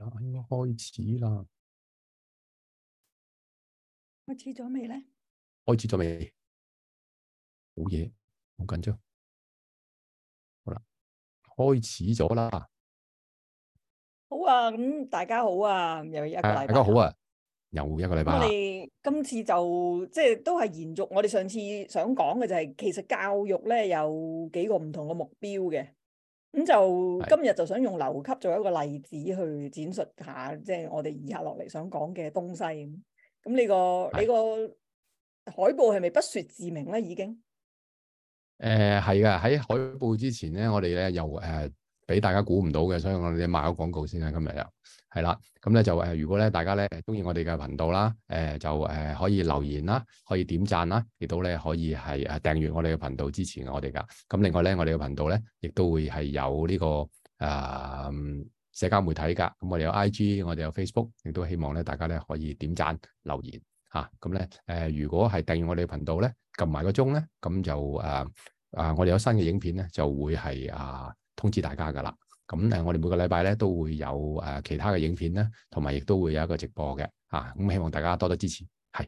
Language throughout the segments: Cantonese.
啦，應該開始啦。開始咗未咧？開始咗未？冇嘢，好緊張。好啦，開始咗啦。好啊，咁大家好啊，又一個禮拜，啊。大家好啊，又一個禮拜，啊。我哋今次就即係、就係、都係延續我哋上次想講嘅、就係，就係其實教育咧，有幾個唔同嘅目標嘅。咁就的今日就想用留級做一個例子去闡述下，即、就、係、是、我哋以下落嚟想講嘅東西。咁、這個、的你個你個海報係咪不說自明咧？已經？誒、呃，係噶，喺海報之前咧，我哋咧又誒俾大家估唔到嘅，所以我哋賣咗廣告先啦。今日又。係啦，咁咧就誒，如果咧大家咧中意我哋嘅頻道啦，誒、呃、就誒、呃、可以留言啦，可以點讚啦，亦都咧可以係誒訂閱我哋嘅頻道支持我哋噶。咁另外咧，我哋嘅頻道咧亦都會係有呢、這個誒、呃、社交媒體噶。咁我哋有 I G，我哋有 Facebook，亦都希望咧大家咧可以點讚留言吓。咁咧誒，如果係訂閱我哋嘅頻道咧，撳埋個鐘咧，咁就誒啊、呃呃，我哋有新嘅影片咧就會係啊、呃、通知大家噶啦。咁誒，我哋每個禮拜咧都會有誒其他嘅影片啦，同埋亦都會有一個直播嘅啊！咁希望大家多多支持，係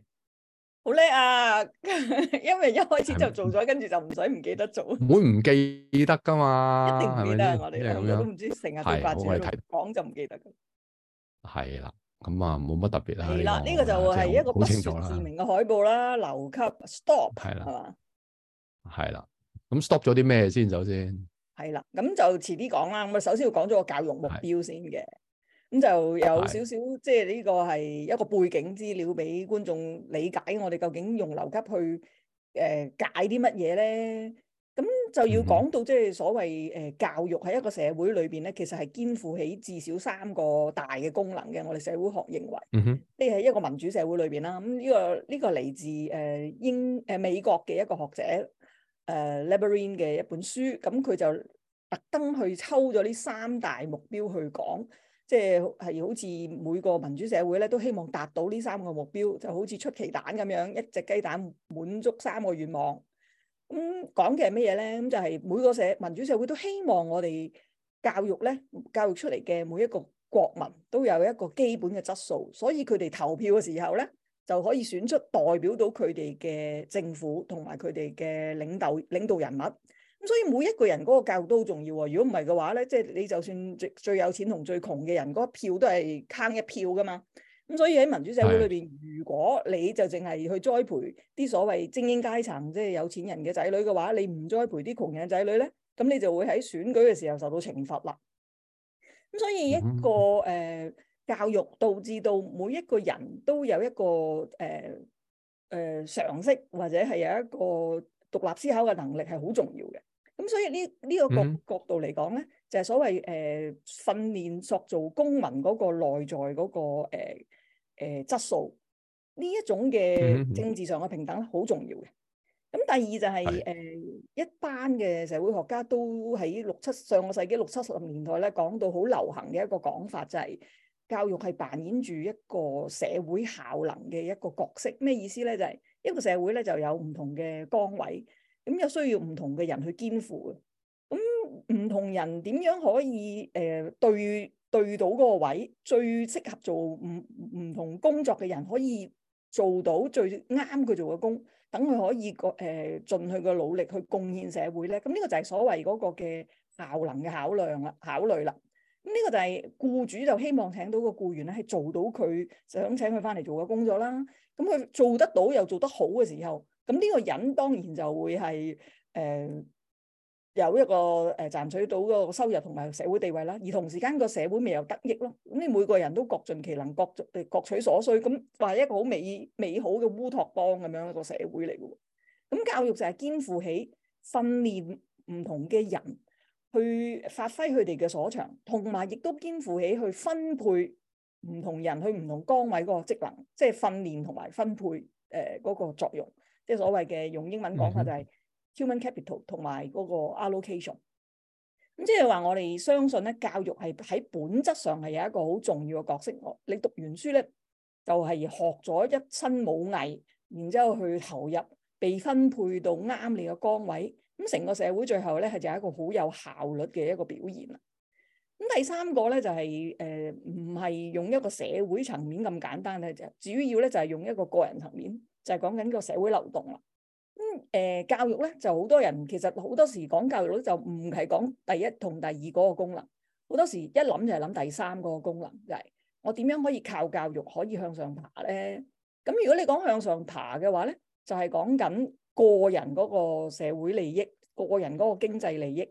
好叻啊！因為一開始就做咗，跟住就唔使唔記得做，唔會唔記得噶嘛？一定記得，我哋都唔知成日點發睇，講就唔記得噶。係啦，咁啊冇乜特別啦。係啦，呢個就係一個不言自明嘅海報啦，留級 stop。係啦，係啦，咁 stop 咗啲咩先？首先。係啦，咁就遲啲講啦。咁啊，首先要講咗個教育目標先嘅，咁的就有少少的即係呢個係一個背景資料俾觀眾理解。我哋究竟用留級去誒、呃、解啲乜嘢咧？咁就要講到即係所謂誒、呃、教育喺一個社會裏邊咧，其實係肩負起至少三個大嘅功能嘅。我哋社會學認為，喺的一個民主社會裏邊啦，咁、嗯、呢、這個呢、這個嚟自誒、呃、英誒、呃、美國嘅一個學者誒、呃、Labaree 嘅一本書，咁佢就。特登去抽咗呢三大目標去講，即係好似每個民主社會咧都希望達到呢三個目標，就好似出奇蛋咁樣，一隻雞蛋滿足三個願望。咁講嘅係咩嘢呢？咁就係每個社民主社會都希望我哋教育呢，教育出嚟嘅每一個國民都有一個基本嘅質素，所以佢哋投票嘅時候呢，就可以選出代表到佢哋嘅政府同埋佢哋嘅領導領導人物。咁所以每一個人嗰個教育都好重要喎。如果唔係嘅話咧，即係你就算最最有錢同最窮嘅人嗰票都係坑一票噶嘛。咁所以喺民主社會裏邊，的如果你就淨係去栽培啲所謂精英階層，即係有錢人嘅仔女嘅話，你唔栽培啲窮人仔女咧，咁你就會喺選舉嘅時候受到懲罰啦。咁所以一個誒教育導致到每一個人都有一個誒誒常識或者係有一個獨立思考嘅能力係好重要嘅。咁所以呢呢個角角度嚟講咧，就係、是、所謂誒、呃、訓練塑造公民嗰個內在嗰、那個誒誒、呃呃、質素，呢一種嘅政治上嘅平等好重要嘅。咁第二就係、是、誒的、呃、一班嘅社會學家都喺六七上個世紀六七十年代咧講到好流行嘅一個講法，就係、是、教育係扮演住一個社會效能嘅一個角色。咩意思咧？就係、是、一個社會咧就有唔同嘅崗位。咁又、嗯、需要唔同嘅人去肩負嘅，咁、嗯、唔同人點樣可以誒、呃、對對到嗰個位，最適合做唔唔同工作嘅人可以做到最啱佢做嘅工，等佢可以個誒盡佢嘅努力去貢獻社會咧。咁、嗯、呢、這個就係所謂嗰個嘅效能嘅考量啦，考慮啦。咁、嗯、呢、這個就係雇主就希望請到個雇員咧係做到佢想請佢翻嚟做嘅工作啦。咁、嗯、佢做得到又做得好嘅時候。咁呢個人當然就會係誒、呃、有一個誒賺、呃、取到個收入同埋社會地位啦，而同時間個社會咪有得益咯。咁、嗯、你每個人都各盡其能，各各取所需，咁係一個好美美好嘅烏托邦咁樣一個社會嚟嘅。咁、嗯、教育就係肩負起訓練唔同嘅人去發揮佢哋嘅所長，同埋亦都肩負起去分配唔同人去唔同崗位嗰個職能，即係訓練同埋分配誒嗰、呃嗰個作用。即係所謂嘅用英文講法，mm hmm. 就係 human capital 同埋嗰個 allocation。咁即係話，我哋相信咧，教育係喺本質上係有一個好重要嘅角色。你讀完書咧，就係、是、學咗一身武藝，然之後去投入被分配到啱你嘅崗位。咁成個社會最後咧，係就係一個好有效率嘅一個表現啦。咁第三個咧，就係誒唔係用一個社會層面咁簡單咧，就主要咧就係用一個個人層面。就係講緊個社會流動啦，咁、嗯、誒、呃、教育咧就好多人其實好多時講教育咧就唔係講第一同第二嗰個功能，好多時一諗就係諗第三個功能，就係、是、我點樣可以靠教育可以向上爬咧？咁如果你講向上爬嘅話咧，就係、是、講緊個人嗰個社會利益、個人嗰個經濟利益，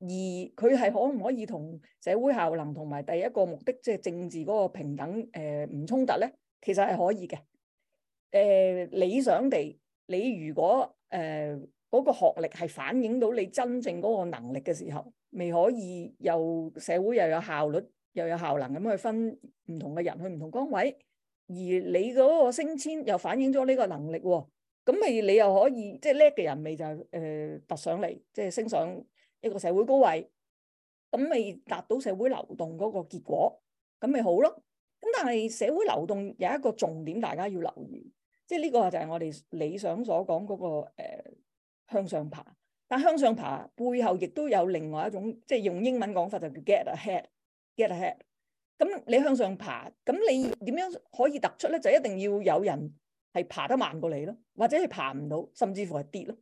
而佢係可唔可以同社會效能同埋第一個目的，即、就、係、是、政治嗰個平等誒唔、呃、衝突咧？其實係可以嘅。誒、呃、理想地，你如果誒嗰、呃那個學歷係反映到你真正嗰個能力嘅時候，咪可以又社會又有效率又有效能咁去分唔同嘅人去唔同崗位，而你嗰個升遷又反映咗呢個能力喎、哦，咁咪你又可以即係叻嘅人咪就誒、呃、突上嚟，即係升上一個社會高位，咁咪達到社會流動嗰個結果，咁咪好咯。咁但係社會流動有一個重點，大家要留意。即係呢個就係我哋理想所講嗰、那個、呃、向上爬，但向上爬背後亦都有另外一種，即係用英文講法就叫 get ahead，get ahead。咁你向上爬，咁你點樣可以突出咧？就一定要有人係爬得慢過你咯，或者係爬唔到，甚至乎係跌咯。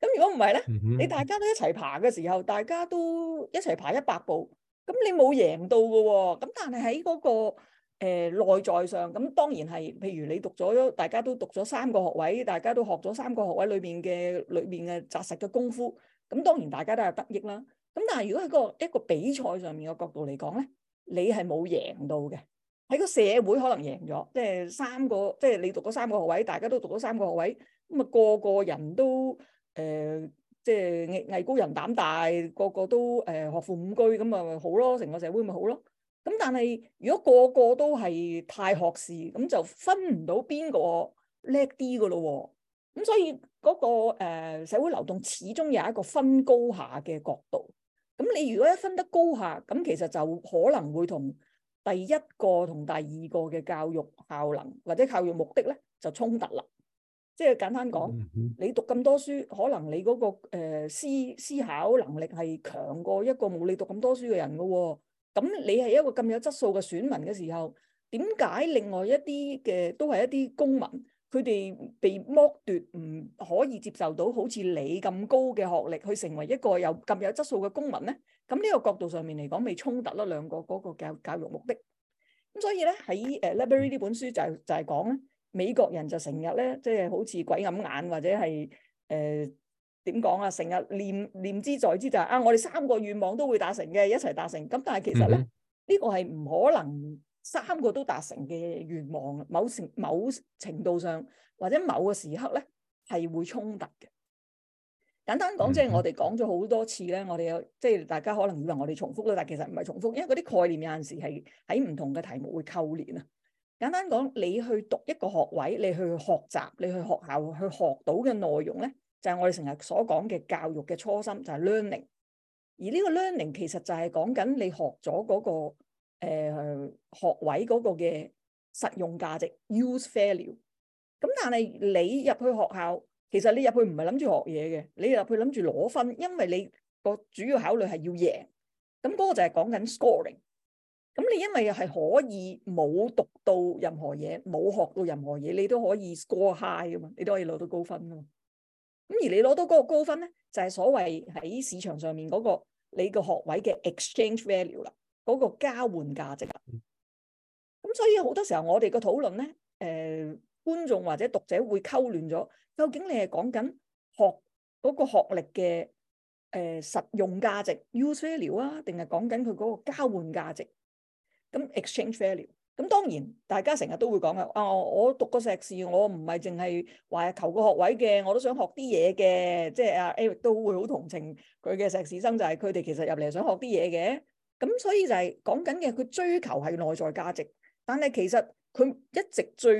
咁如果唔係咧，嗯、哼你大家都一齊爬嘅時候，大家都一齊爬一百步，咁你冇贏到嘅喎。咁但係喺嗰個。誒，內在上，咁當然係，譬如你讀咗，大家都讀咗三個學位，大家都學咗三個學位裏面嘅裏邊嘅紮實嘅功夫，咁當然大家都係得益啦。咁但係如果喺個一個比賽上面嘅角度嚟講咧，你係冇贏到嘅。喺個社會可能贏咗，即係三個，即係你讀咗三個學位，大家都讀咗三個學位，咁、那、啊個個人都誒、呃，即係藝藝高人膽大，個個都誒、呃、學富五車，咁啊好咯，成個社會咪好咯。咁但係如果個個都係太學士，咁就分唔到邊個叻啲嘅咯喎。咁所以嗰、那個、呃、社會流動始終有一個分高下嘅角度。咁你如果一分得高下，咁其實就可能會同第一個同第二個嘅教育效能或者教育目的咧就衝突啦。即、就、係、是、簡單講，嗯、你讀咁多書，可能你嗰、那個、呃、思思考能力係強過一個冇你讀咁多書嘅人嘅喎、啊。咁你係一個咁有質素嘅選民嘅時候，點解另外一啲嘅都係一啲公民，佢哋被剝奪唔可以接受到好似你咁高嘅學歷，去成為一個有咁有質素嘅公民咧？咁呢個角度上面嚟講，咪衝突咯，兩個嗰個教教育目的。咁所以咧，喺誒 Library 呢本書就就係講咧，美國人就成日咧即係好似鬼咁眼或者係誒。點講啊？成日念念之在之就係、是、啊！我哋三個願望都會達成嘅，一齊達成。咁但係其實咧，呢、mm hmm. 個係唔可能三個都達成嘅願望。某程某程度上，或者某個時刻咧，係會衝突嘅。簡單、mm hmm. 講，即係我哋講咗好多次咧，我哋有即係大家可能以為我哋重複啦，但係其實唔係重複，因為嗰啲概念有陣時係喺唔同嘅題目會扣連啊。簡單講，你去讀一個學位，你去學習，你去學校去學到嘅內容咧。就係我哋成日所講嘅教育嘅初心，就係、是、learning。而呢個 learning 其實就係講緊你學咗嗰、那個誒、呃、學位嗰個嘅實用價值 use value。咁但係你入去學校，其實你入去唔係諗住學嘢嘅，你入去諗住攞分，因為你個主要考慮係要贏。咁嗰個就係講緊 scoring。咁你因為係可以冇讀到任何嘢，冇學到任何嘢，你都可以 score high 㗎嘛，你都可以攞到高分㗎嘛。咁而你攞到嗰個高分咧，就係、是、所謂喺市場上面嗰、那個你個學位嘅 exchange value 啦，嗰個交換價值。咁所以好多時候我哋個討論咧，誒、呃、觀眾或者讀者會溝亂咗，究竟你係講緊學嗰、那個學歷嘅誒、呃、實用價值 use value 啊，定係講緊佢嗰個交換價值？咁 exchange value。咁當然，大家成日都會講嘅。啊、哦，我讀個碩士，我唔係淨係話求個學位嘅，我都想學啲嘢嘅。即係啊，Eric 都會好同情佢嘅碩士生，就係佢哋其實入嚟想學啲嘢嘅。咁所以就係、是、講緊嘅，佢追求係內在價值，但係其實佢一直最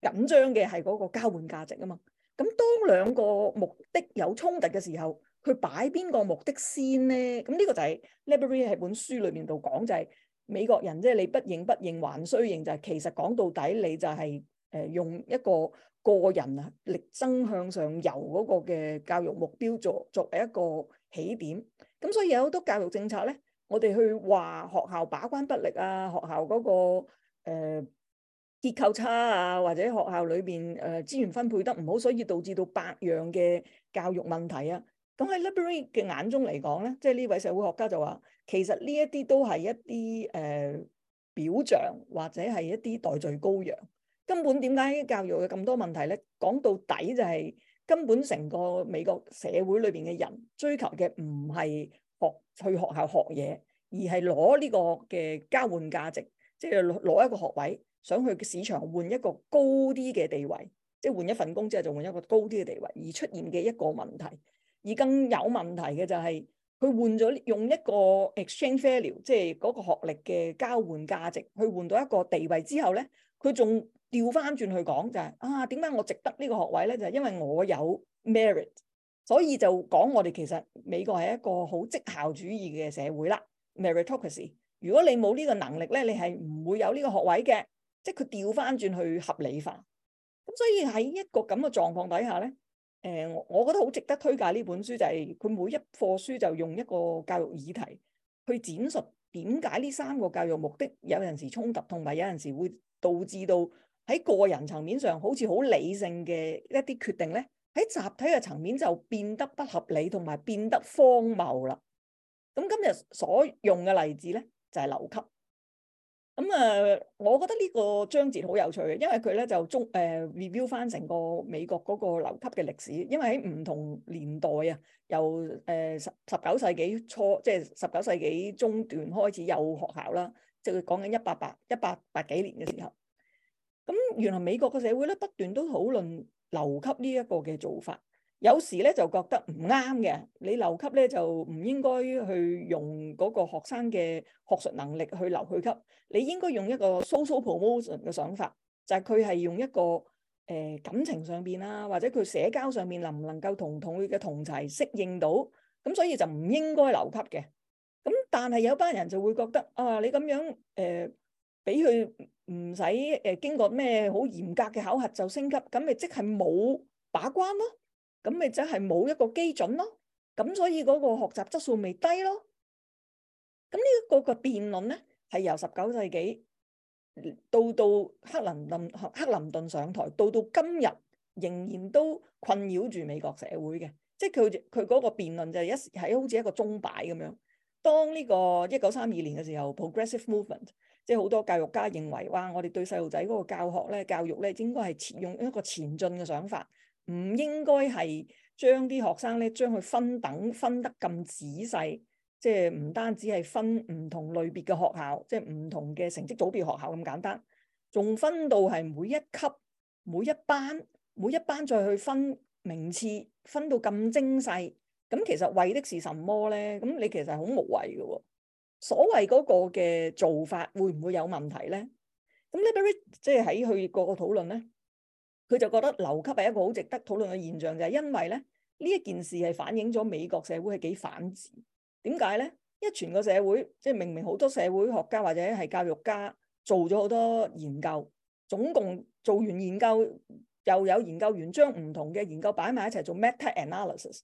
緊張嘅係嗰個交換價值啊嘛。咁當兩個目的有衝突嘅時候，佢擺邊個目的先咧？咁呢個就係 Library 喺本書裏面度講就係、是。美國人即係、就是、你不認不認還需認，就係其實講到底你就係誒用一個個人啊力爭向上游嗰個嘅教育目標作作為一個起點。咁所以有好多教育政策咧，我哋去話學校把關不力啊，學校嗰、那個誒、呃、結構差啊，或者學校裏邊誒資源分配得唔好，所以導致到百樣嘅教育問題啊。咁喺 Librerie 嘅眼中嚟講咧，即係呢位社會學家就話。其實呢一啲都係一啲誒表象或者係一啲代罪羔羊。根本點解教育有咁多問題咧？講到底就係、是、根本成個美國社會裏邊嘅人追求嘅唔係學去學校學嘢，而係攞呢個嘅交換價值，即係攞一個學位，想去市場換一個高啲嘅地位，即係換一份工，之後就換一個高啲嘅地位。而出現嘅一個問題，而更有問題嘅就係、是。佢換咗用一個 exchange value，即係嗰個學歷嘅交換價值去換到一個地位之後咧，佢仲調翻轉去講就係啊，點解我值得呢個學位咧？就係因為我有 merit，所以就講我哋其實美國係一個好績效主義嘅社會啦，meritocracy。如果你冇呢個能力咧，你係唔會有呢個學位嘅，即係佢調翻轉去合理化。咁所以喺一個咁嘅狀況底下咧。誒，我、嗯、我覺得好值得推介呢本書就係、是、佢每一課書就用一個教育議題去展述點解呢三個教育目的有陣時衝突，同埋有陣時會導致到喺個人層面上好似好理性嘅一啲決定咧，喺集體嘅層面就變得不合理，同埋變得荒謬啦。咁今日所用嘅例子咧，就係、是、留級。咁啊、嗯，我覺得呢個章節好有趣，因為佢咧就中誒、呃、review 翻成個美國嗰個留級嘅歷史，因為喺唔同年代啊，由誒十十九世紀初，即係十九世紀中段開始有學校啦，即係講緊一八八、一八八幾年嘅時候，咁、嗯、原來美國嘅社會咧不斷都討論留級呢一個嘅做法。有時咧就覺得唔啱嘅，你留級咧就唔應該去用嗰個學生嘅學術能力去留佢級，你應該用一個 social promotion 嘅想法，就係佢係用一個誒感情上邊啦，或者佢社交上面能唔能夠同同佢嘅同齊適應到，咁所以就唔應該留級嘅。咁但係有班人就會覺得啊，你咁樣誒俾佢唔使誒經過咩好嚴格嘅考核就升級，咁咪即係冇把關咯。咁咪真係冇一個基準咯，咁所以嗰個學習質素咪低咯。咁呢個個辯論咧，係由十九世紀到到克林頓克林頓上台，到到今日仍然都困擾住美國社會嘅。即係佢佢嗰個辯論就係一係好似一個鐘擺咁樣。當呢個一九三二年嘅時候，Progressive Movement，即係好多教育家認為，哇，我哋對細路仔嗰個教學咧、教育咧，應該係用一個前進嘅想法。唔應該係將啲學生咧，將佢分等分得咁仔細，即係唔單止係分唔同類別嘅學校，即係唔同嘅成績組別學校咁簡單，仲分到係每一級、每一班、每一班再去分名次，分到咁精細，咁其實為的是什麼咧？咁你其實係好無謂嘅喎。所謂嗰個嘅做法會唔會有問題咧？咁 Liberate 即係喺佢個個討論咧。佢就覺得留級係一個好值得討論嘅現象，就係、是、因為咧呢一件事係反映咗美國社會係幾反智。點解咧？一全個社會即係明明好多社會學家或者係教育家做咗好多研究，總共做完研究又有研究員將唔同嘅研究擺埋一齊做 meta analysis，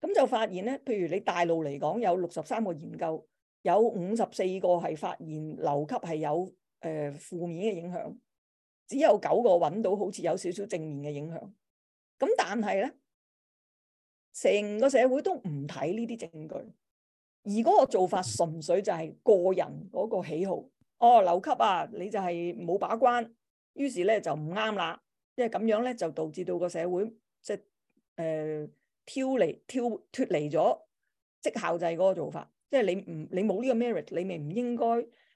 咁就發現咧，譬如你大陸嚟講有六十三個研究，有五十四個係發現留級係有誒負、呃、面嘅影響。只有九個揾到，好似有少少正面嘅影響。咁但係咧，成個社會都唔睇呢啲證據，而嗰個做法純粹就係個人嗰個喜好。哦，留級啊，你就係冇把關，於是咧就唔啱啦。即係咁樣咧，就導致到個社會即係誒，脫、呃、離、跳、脫離咗績效制嗰個做法。即係你唔，你冇呢個 merit，你咪唔應該。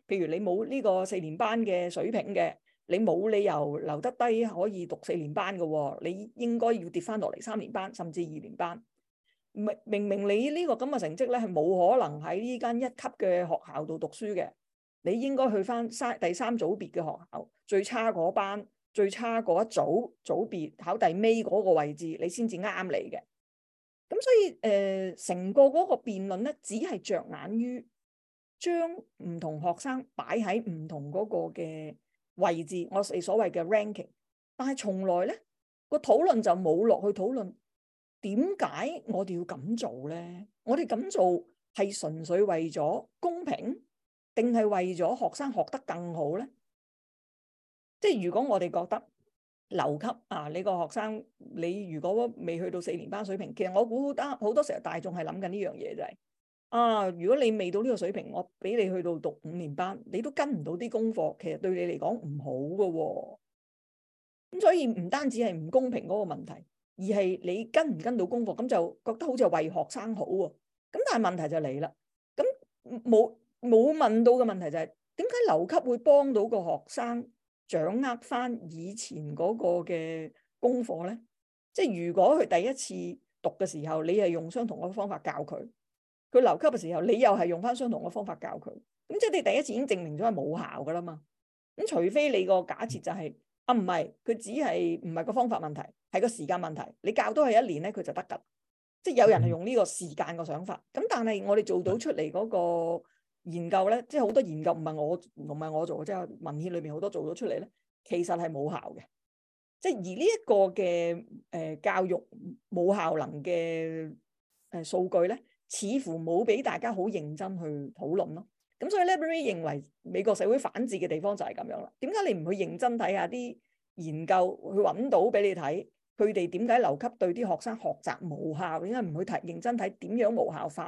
譬如你冇呢個四年班嘅水平嘅。你冇理由留得低可以讀四年班嘅哦，你應該要跌翻落嚟三年班，甚至二年班。明明你呢個咁嘅成績咧，係冇可能喺呢間一級嘅學校度讀書嘅，你應該去翻三第三組別嘅學校，最差嗰班，最差嗰一組組別，考第尾嗰個位置，你先至啱你嘅。咁所以誒，成、呃、個嗰個辯論咧，只係着眼於將唔同學生擺喺唔同嗰個嘅位置我哋所謂嘅 ranking，但係從來咧個討論就冇落去討論點解我哋要咁做咧？我哋咁做係純粹為咗公平，定係為咗學生學得更好咧？即係如果我哋覺得留級啊，你個學生你如果未去到四年班水平，其實我估得好多時候大眾係諗緊呢樣嘢就係。啊！如果你未到呢個水平，我俾你去到讀五年班，你都跟唔到啲功課，其實對你嚟講唔好噶喎。咁所以唔單止係唔公平嗰個問題，而係你跟唔跟到功課，咁就覺得好似為學生好喎。咁但係問題就嚟啦，咁冇冇問到嘅問題就係，點解留級會幫到個學生掌握翻以前嗰個嘅功課咧？即係如果佢第一次讀嘅時候，你係用相同嘅方法教佢。佢留級嘅時候，你又係用翻相同嘅方法教佢，咁即係你第一次已經證明咗係冇效㗎喇嘛。咁除非你個假設就係、是、啊，唔係佢只係唔係個方法問題，係個時間問題。你教多佢一年咧，佢就得㗎。即係有人係用呢個時間嘅想法。咁但係我哋做到出嚟嗰個研究咧，即係好多研究唔係我唔係我做嘅，即係文獻裏邊好多做咗出嚟咧，其實係冇效嘅。即係而呢一個嘅誒、呃、教育冇效能嘅誒、呃、數據咧，似乎冇俾大家好認真去討論咯，咁所以 Leber 認為美國社會反智嘅地方就係咁樣啦。點解你唔去認真睇下啲研究去揾到俾你睇，佢哋點解留級對啲學生學習無效？點解唔去提認真睇點樣無效法，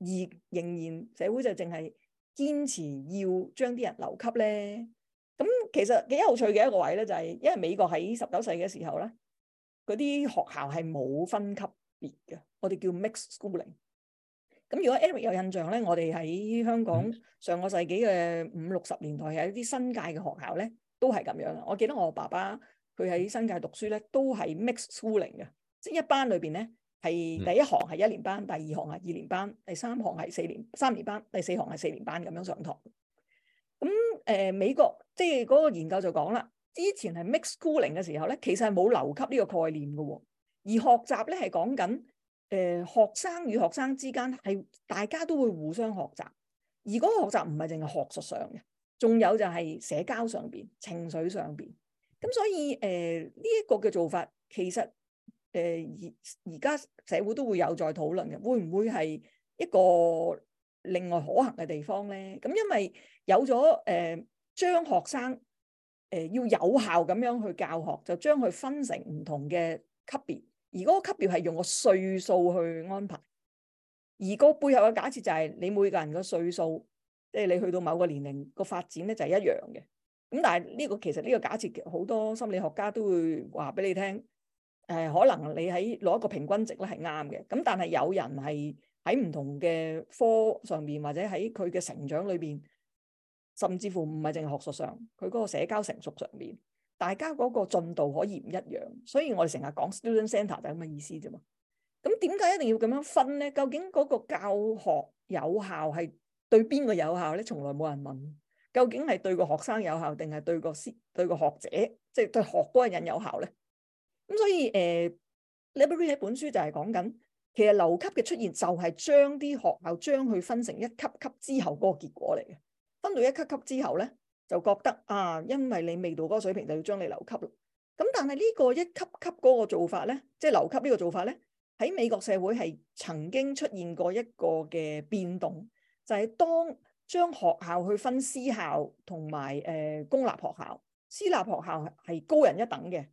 而仍然社會就淨係堅持要將啲人留級咧？咁其實幾有趣嘅一個位咧、就係，就係因為美國喺十九世嘅時候咧，嗰啲學校係冇分級別嘅，我哋叫 mixed schooling。咁如果 Eric 有印象咧，我哋喺香港上個世紀嘅五六十年代，係一啲新界嘅學校咧，都係咁樣。我記得我爸爸佢喺新界讀書咧，都係 mixed schooling 嘅，即係一班裏邊咧係第一行係一年班，第二行係二年班，第三行係四年三年班，第四行係四年班咁樣上堂。咁誒、呃、美國即係嗰個研究就講啦，之前係 mixed schooling 嘅時候咧，其實係冇留級呢個概念嘅喎、哦，而學習咧係講緊。誒，學生與學生之間係大家都會互相學習，而嗰個學習唔係淨係學術上嘅，仲有就係社交上面、情緒上面。咁所以誒呢一個嘅做法，其實誒而而家社會都會有在討論嘅，會唔會係一個另外可行嘅地方咧？咁因為有咗誒將學生誒、呃、要有效咁樣去教學，就將佢分成唔同嘅級別。而嗰個級別係用個歲數去安排，而個背後嘅假設就係你每個人嘅歲數，即係你去到某個年齡個發展咧就係一樣嘅。咁但係呢個其實呢個假設好多心理學家都會話俾你聽，誒可能你喺攞一個平均值咧係啱嘅。咁但係有人係喺唔同嘅科上邊，或者喺佢嘅成長裏邊，甚至乎唔係淨係學術上，佢嗰個社交成熟上邊。大家嗰個進度可以唔一樣，所以我哋成日講 student center 就係咁嘅意思啫嘛。咁點解一定要咁樣分咧？究竟嗰個教學有效係對邊個有效咧？從來冇人問。究竟係對個學生有效，定係對個師對個學者，即係對學嗰個人有效咧？咁所以誒、呃，library 一本書就係講緊，其實留級嘅出現就係將啲學校將佢分成一級級之後嗰個結果嚟嘅。分到一級級之後咧。就覺得啊，因為你未到嗰個水平，就要將你留級咯。咁但係呢個一級級嗰個做法呢，即係留級呢個做法呢，喺美國社會係曾經出現過一個嘅變動，就係當將學校去分私校同埋誒公立學校，私立學校係高人一等嘅，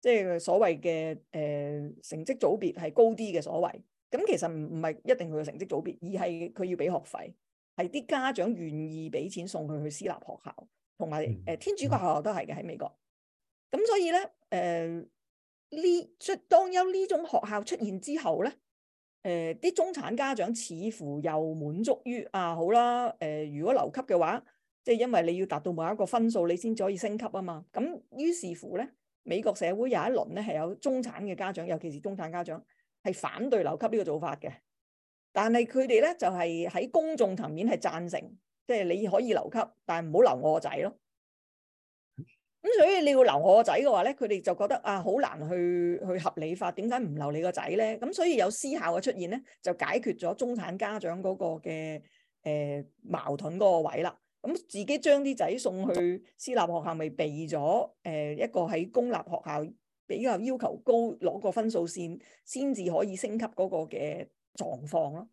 即係所謂嘅誒成績組別係高啲嘅所謂。咁其實唔唔係一定佢嘅成績組別，而係佢要俾學費，係啲家長願意俾錢送佢去私立學校。同埋誒天主教學校都係嘅喺美國，咁所以咧誒呢出、呃、當有呢種學校出現之後咧，誒、呃、啲中產家長似乎又滿足於啊好啦，誒、呃、如果留級嘅話，即、就、係、是、因為你要達到某一個分數，你先可以升級啊嘛。咁於是乎咧，美國社會有一輪咧係有中產嘅家長，尤其是中產家長係反對留級呢個做法嘅，但係佢哋咧就係、是、喺公眾層面係贊成。即係你可以留級，但係唔好留我個仔咯。咁所以你要留我個仔嘅話咧，佢哋就覺得啊，好難去去合理化，點解唔留你個仔咧？咁所以有私校嘅出現咧，就解決咗中產家長嗰個嘅誒、呃、矛盾嗰個位啦。咁自己將啲仔送去私立學校，咪、就是、避咗誒、呃、一個喺公立學校比較要求高，攞個分數線先至可以升級嗰個嘅狀況咯。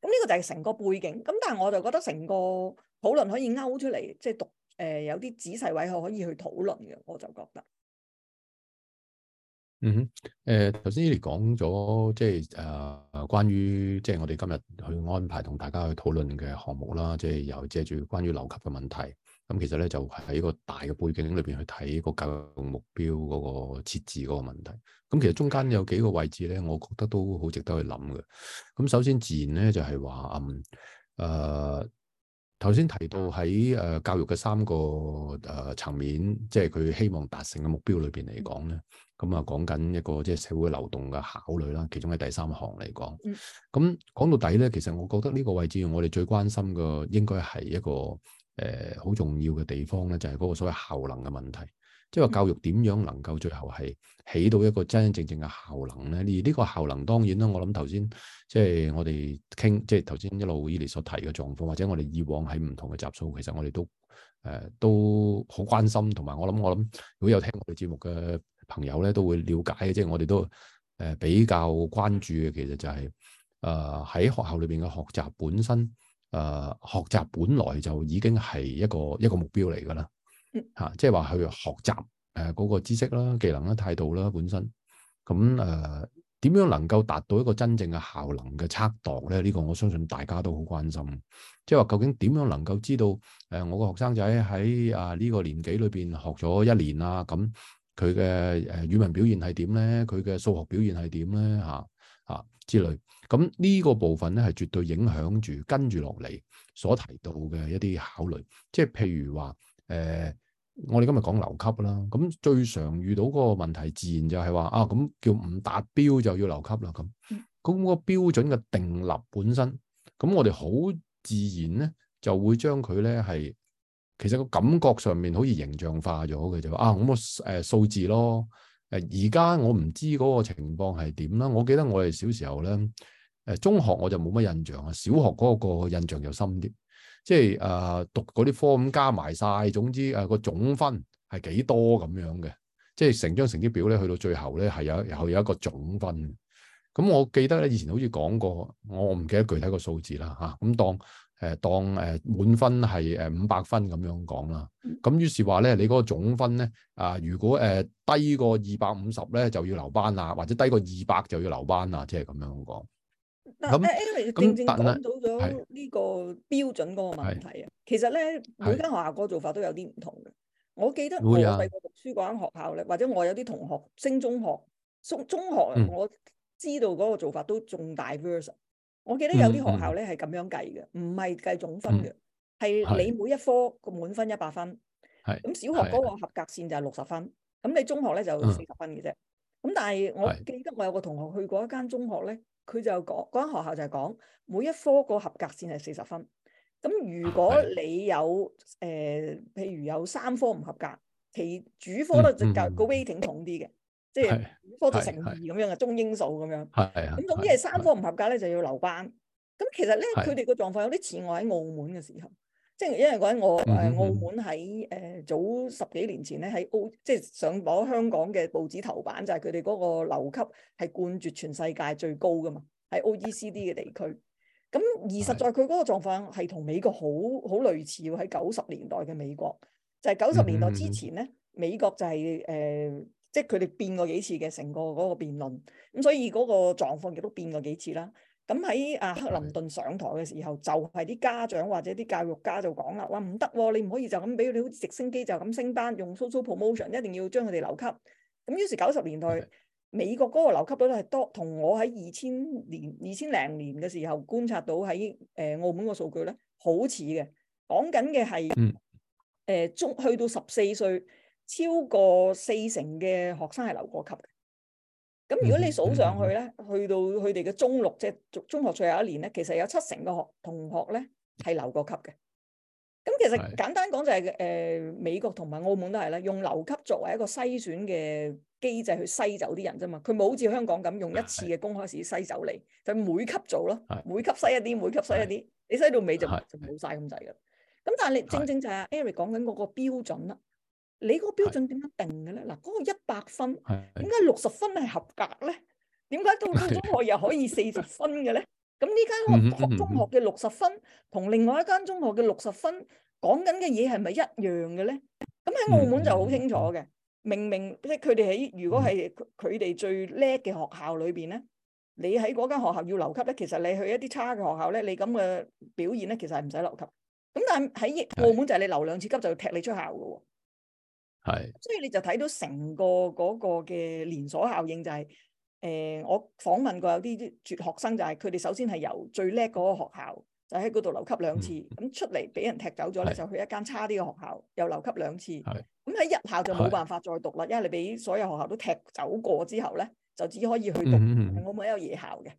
咁呢個就係成個背景，咁但係我就覺得成個討論可以勾出嚟，即係讀誒、呃、有啲仔細位可以去討論嘅，我就覺得。嗯哼，誒頭先 Eli 講咗，即係誒、呃、關於即係我哋今日去安排同大家去討論嘅項目啦，即係有借住關於留級嘅問題。咁其實咧，就喺個大嘅背景裏邊去睇個教育目標嗰個設置嗰個問題。咁其實中間有幾個位置咧，我覺得都好值得去諗嘅。咁首先，自然咧就係話，嗯，誒頭先提到喺誒教育嘅三個誒層面，即係佢希望達成嘅目標裏邊嚟講咧，咁啊講緊一個即係社會流動嘅考慮啦。其中喺第三行嚟講，咁講到底咧，其實我覺得呢個位置我哋最關心嘅應該係一個。誒，好重要嘅地方咧，就係嗰個所謂效能嘅問題，即係話教育點樣能夠最後係起到一個真真正正嘅效能咧？而呢個效能當然啦，我諗頭先即係我哋傾，即係頭先一路以嚟所提嘅狀況，或者我哋以往喺唔同嘅集數，其實我哋都誒都好關心，同埋我諗我諗如果有聽我哋節目嘅朋友咧，都會了解嘅，即係我哋都誒比較關注嘅，其實就係誒喺學校裏邊嘅學習本身。誒、呃，學習本來就已經係一個一個目標嚟噶啦，吓、啊，即係話去學習誒嗰個知識啦、技能啦、態度啦本身。咁、啊、誒，點樣能夠達到一個真正嘅效能嘅測度咧？呢、這個我相信大家都好關心，即係話究竟點樣能夠知道誒、呃、我個學生仔喺啊呢個年紀裏邊學咗一年啊，咁佢嘅誒語文表現係點咧？佢嘅數學表現係點咧？吓、啊、吓、啊、之類。咁呢個部分咧係絕對影響住跟住落嚟所提到嘅一啲考慮，即係譬如話誒、呃，我哋今日講留級啦，咁最常遇到嗰個問題，自然就係話啊，咁叫唔達標就要留級啦。咁咁個標準嘅定立本身，咁我哋好自然咧就會將佢咧係其實個感覺上面好似形象化咗嘅就話啊，咁、那個誒數字咯，誒而家我唔知嗰個情況係點啦。我記得我哋小時候咧。誒，中學我就冇乜印象啊，小學嗰個印象就深啲，即係誒、呃、讀嗰啲科咁加埋晒，總之誒個、呃、總分係幾多咁樣嘅，即係成張成績表咧，去到最後咧係有，然後有一個總分。咁我記得咧以前好似講過，我唔記得具體個數字啦吓。咁、啊、當誒、呃、當誒滿、呃、分係誒五百分咁樣講啦。咁於是話咧，你嗰個總分咧啊、呃，如果誒、呃、低過二百五十咧就要留班啊，或者低過二百就要留班啊，即係咁樣講。但係因為正正講到咗呢個標準嗰個問題啊，其實咧每間學校個做法都有啲唔同嘅。我記得我細個讀書嗰間學校咧，或者我有啲同學升中學，中中學我知道嗰個做法都仲大 diverse。嗯、我記得有啲學校咧係咁樣計嘅，唔係計總分嘅，係、嗯、你每一科個滿分一百分。係咁是小學嗰個合格線就係六十分，咁你中學咧就四十分嘅啫。咁、嗯嗯、但係我記得我有個同學去過一間中學咧。佢就講嗰間學校就係講，每一科個合格線係四十分，咁如果你有誒的、呃、譬如有三科唔合格，其主科咧就教、嗯嗯、個 weighting 重啲嘅，即係主科就乘二咁樣嘅的中英數咁樣，咁的總之係三科唔合格咧就要留班。咁其實咧佢哋個狀況有啲似我喺澳門嘅時候。即係因為講緊我誒澳門喺誒早十幾年前咧喺澳，即係上咗香港嘅報紙頭版就係佢哋嗰個留級係冠絕全世界最高㗎嘛，係 OECD 嘅地區。咁而實在佢嗰個狀況係同美國好好類似喎。喺九十年代嘅美國，就係九十年代之前咧，美國就係、是、誒、呃，即係佢哋變過幾次嘅成個嗰個辯論。咁所以嗰個狀況亦都變過幾次啦。咁喺啊克林頓上台嘅時候，就係、是、啲家長或者啲教育家就講啦，話唔得喎，你唔可以就咁俾你好似直升機就咁升班，用 social promotion 一定要將佢哋留級。咁於是九十年代美國嗰個留級率都係多，同我喺二千年二千零年嘅時候觀察到喺誒澳門個數據咧，好似嘅，講緊嘅係誒中去到十四歲超過四成嘅學生係留過級。咁、嗯嗯、如果你數上去咧，去到佢哋嘅中六即係、就是、中學最後一年咧，其實有七成嘅學同學咧係留過級嘅。咁其實簡單講就係、是、誒的、呃、美國同埋澳門都係啦，用留級作為一個篩選嘅機制去篩走啲人啫嘛。佢冇好似香港咁用一次嘅公開試篩走你，的就每級做咯的，每級篩一啲，每級篩一啲，你篩到尾就的就冇晒咁滯嘅。咁但係你正正就係 Eric 講緊嗰個標準啦。你嗰個標準點樣定嘅咧？嗱，嗰個一百分，點解六十分係合格咧？點解到到中學又可以四十分嘅咧？咁呢間學中學嘅六十分，同另外一間中學嘅六十分，講緊嘅嘢係咪一樣嘅咧？咁喺澳門就好清楚嘅，嗯、明明即係佢哋喺如果係佢哋最叻嘅學校裏邊咧，你喺嗰間學校要留級咧，其實你去一啲差嘅學校咧，你咁嘅表現咧，其實係唔使留級。咁但係喺澳門就係你留兩次級就踢你出校嘅喎。所以你就睇到成個嗰個嘅連鎖效應就係、是，誒、呃，我訪問過有啲絕學生就係佢哋首先係由最叻嗰個學校就喺嗰度留級兩次，咁、嗯、出嚟俾人踢走咗咧，是就去一間差啲嘅學校又留級兩次，咁喺一校就冇辦法再讀啦，是因為你俾所有學校都踢走過之後咧，就只可以去讀，我冇一有，有校、嗯、夜校嘅，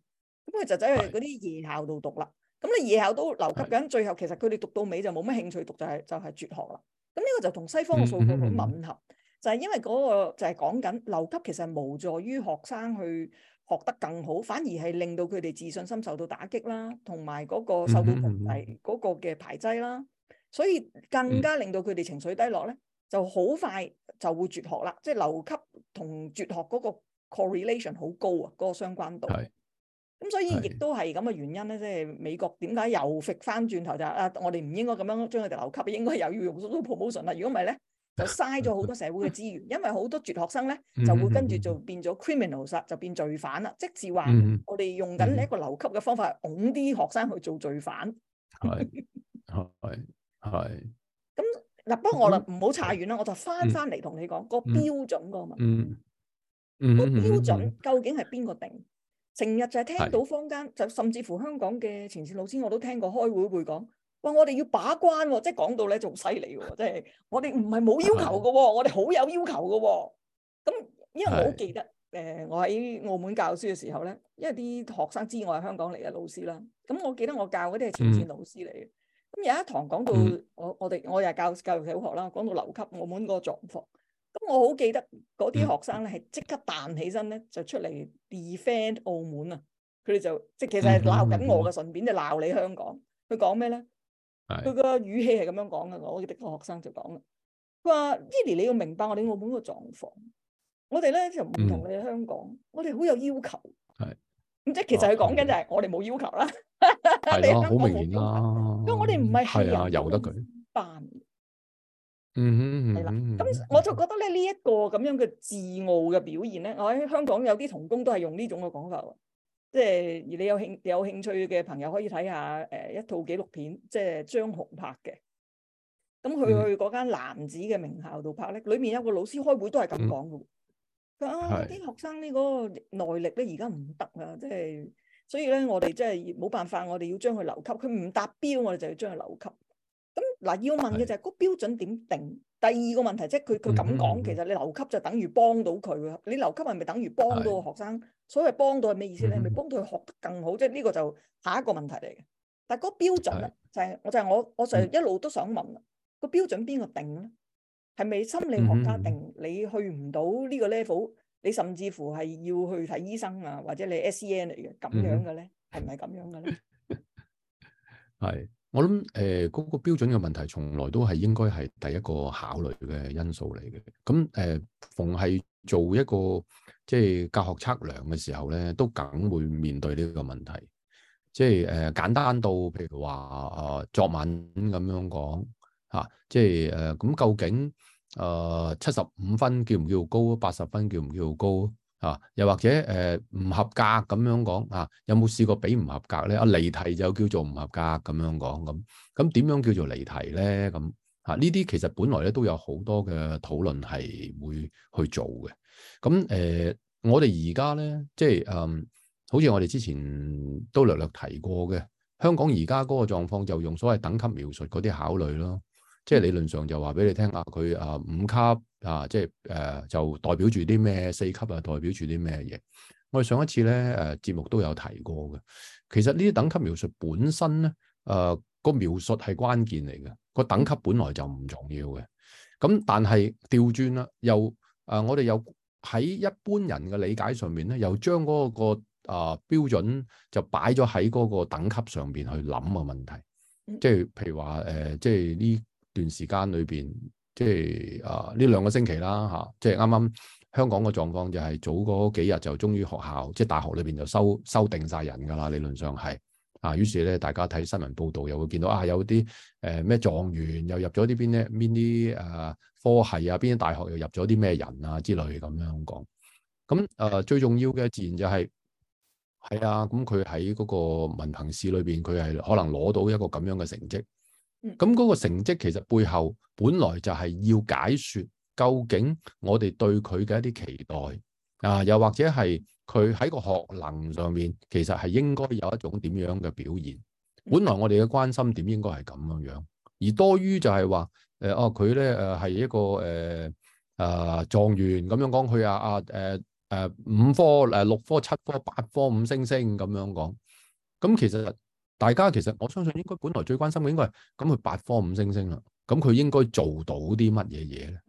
咁佢侄仔喺嗰啲夜校度讀啦，咁你夜校都留級緊是，最後其實佢哋讀到尾就冇乜興趣讀就係、是、就係絕學啦。咁呢個就同西方嘅數據好吻合，就係、是、因為嗰個就係講緊留級其實係無助於學生去學得更好，反而係令到佢哋自信心受到打擊啦，同埋嗰個受到排嗰個嘅排擠啦，所以更加令到佢哋情緒低落呢，就好快就會絕學啦。即、就、係、是、留級同絕學嗰個 correlation 好高啊，嗰、那個相關度。咁、嗯、所以亦都係咁嘅原因咧，即係美國點解又揈翻轉頭就係、啊，我哋唔應該咁樣將佢哋留級，應該又要用 promotion 啦。如果唔係咧，就嘥咗好多社會嘅資源， 因為好多絕學生咧就會跟住就變咗 criminal 啦，就變罪犯啦。即係話我哋用緊呢一個留級嘅方法，係拱啲學生去做罪犯。係係係。咁嗱， 不過我就唔好岔遠啦，我就翻翻嚟同你講、嗯、個標準個問題嗯嗯。嗯個標準究竟係邊個定？成日就係聽到坊間，就是甚至乎香港嘅前線老師我都聽過開會會講，哇！我哋要把關喎、哦，即係講到咧仲犀利喎，即係我哋唔係冇要求嘅，我哋好有要求嘅、哦。咁是、哦、因為我好記得，誒是、呃、我喺澳門教書嘅時候咧，因為啲學生知我係香港嚟嘅老師啦，咁我記得我教嗰啲係前線老師嚟嘅。咁、嗯、有一堂講到、嗯、我我哋我又係教教育小學啦，講到留級澳門個狀況。我好記得嗰啲學生咧，係即刻彈起身咧，就出嚟 defend 澳門啊！佢哋就即其實係鬧緊我嘅，順便就鬧你香港。佢講咩咧？佢個的語氣係咁樣講嘅。我的一個學生就講啦：佢話 Eli 你要明白我哋澳門嘅狀況，我哋咧就唔同你香港，嗯、我哋好有要求。係的。咁即其實佢講緊就係我哋冇要求啦。係 的 啊，好明顯因為我哋唔係係人，由得佢扮。的嗯哼，係啦、mm，咁、hmm, mm hmm, 我就覺得咧呢一、這個咁樣嘅自傲嘅表現咧，我、哎、喺香港有啲同工都係用呢種嘅講法即係而你有興有興趣嘅朋友可以睇下誒、呃、一套紀錄片，即、就、係、是、張紅拍嘅。咁佢去嗰間男子嘅名校度拍咧，mm hmm. 裏面有一個老師開會都係咁講嘅，佢、mm hmm. 啊啲學生呢嗰個耐力咧而家唔得啊，即係、就是、所以咧我哋即係冇辦法，我哋要將佢留級，佢唔達標我哋就要將佢留級。嗱，要問嘅就係個標準點定？第二個問題即係佢佢咁講，嗯、其實你留級就等於幫到佢喎。你留級係咪等於幫到個學生？是所謂幫到係咩意思咧？係咪、嗯、幫到佢學得更好？即係呢個就下一個問題嚟嘅。但係嗰個標準咧，是就係我就係我我成一路都想問啦。嗯、個標準邊個定咧？係咪心理學家定？你去唔到呢個 level，嗯、你甚至乎係要去睇醫生啊，或者你係係 SEN 嚟嘅咁樣嘅咧？係咪咁樣嘅咧？係。我諗誒，嗰、呃那個標準嘅問題從來都係應該係第一個考慮嘅因素嚟嘅。咁誒、呃，逢係做一個即係教學測量嘅時候咧，都梗會面對呢個問題。即係誒、呃，簡單到譬如話誒，作文咁樣講吓、啊，即係誒，咁、呃、究竟誒七十五分叫唔叫高？八十分叫唔叫高？啊，又或者誒呃、唔合格咁樣講啊，有冇試過俾唔合格咧？啊，離題就叫做唔合格咁樣講咁，咁點樣叫做離題咧？咁啊，呢啲其實本來咧都有好多嘅討論係會去做嘅。咁誒、呃，我哋而家咧，即係誒、嗯，好似我哋之前都略略提過嘅，香港而家嗰個狀況就用所謂等級描述嗰啲考慮咯，即係理論上就話俾你聽啊，佢啊五級。啊，即係誒、呃，就代表住啲咩四級啊？代表住啲咩嘢？我哋上一次咧誒節目都有提過嘅。其實呢啲等級描述本身咧，誒、呃，個描述係關鍵嚟嘅。個等級本來就唔重要嘅。咁但係調轉啦，又誒、呃、我哋又喺一般人嘅理解上面咧，又將嗰、個啊、呃、標準就擺咗喺嗰個等級上面去諗嘅問題。即係譬如話誒、呃，即係呢段時間裏邊。即係啊呢兩個星期啦嚇、啊，即係啱啱香港嘅狀況就係早嗰幾日就終於學校即係大學裏邊就收收定晒人噶啦，理論上係啊，於是咧大家睇新聞報道又會見到啊有啲誒咩狀元又入咗啲邊咧邊啲誒科系啊邊啲、啊、大學又入咗啲咩人啊之類咁樣講。咁、啊、誒、啊啊、最重要嘅自然就係、係、係啊，咁佢喺嗰個文憑試裏邊佢係可能攞到一個咁樣嘅成績。咁嗰個成績其實背後本來就係要解說究竟我哋對佢嘅一啲期待啊，又或者係佢喺個學能上面，其實係應該有一種點樣嘅表現。本來我哋嘅關心點應該係咁樣樣，而多於就係話誒，哦、啊，佢咧誒係一個誒啊狀、啊、元咁樣講佢啊啊誒誒、啊、五科誒、啊、六科七科八科五星星咁樣講，咁、啊、其實。大家其實我相信應該本來最關心嘅應該係咁佢八科五星星啦，咁佢應該做到啲乜嘢嘢咧？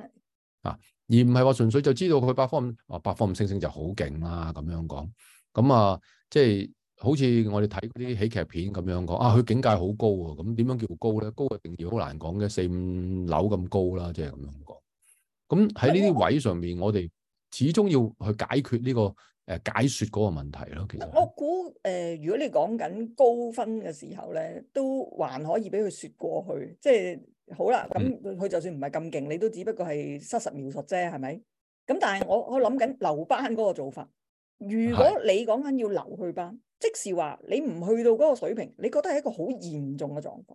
啊，而唔係話純粹就知道佢八科五啊八科五星星就、啊啊、好勁啦咁樣講，咁啊即係好似我哋睇嗰啲喜劇片咁樣講啊，佢境界好高喎、啊，咁點樣叫高咧？高嘅定義好難講嘅，四五樓咁高啦、啊，即係咁樣講。咁喺呢啲位上面，我哋始終要去解決呢個。誒，解說嗰個問題咯，其實我估誒、呃，如果你講緊高分嘅時候咧，都還可以俾佢說過去，即係好啦。咁、嗯、佢、嗯、就算唔係咁勁，你都只不過係失實描述啫，係咪？咁但係我我諗緊留班嗰個做法，如果你講緊要留去班，是即係話你唔去到嗰個水平，你覺得係一個好嚴重嘅狀況。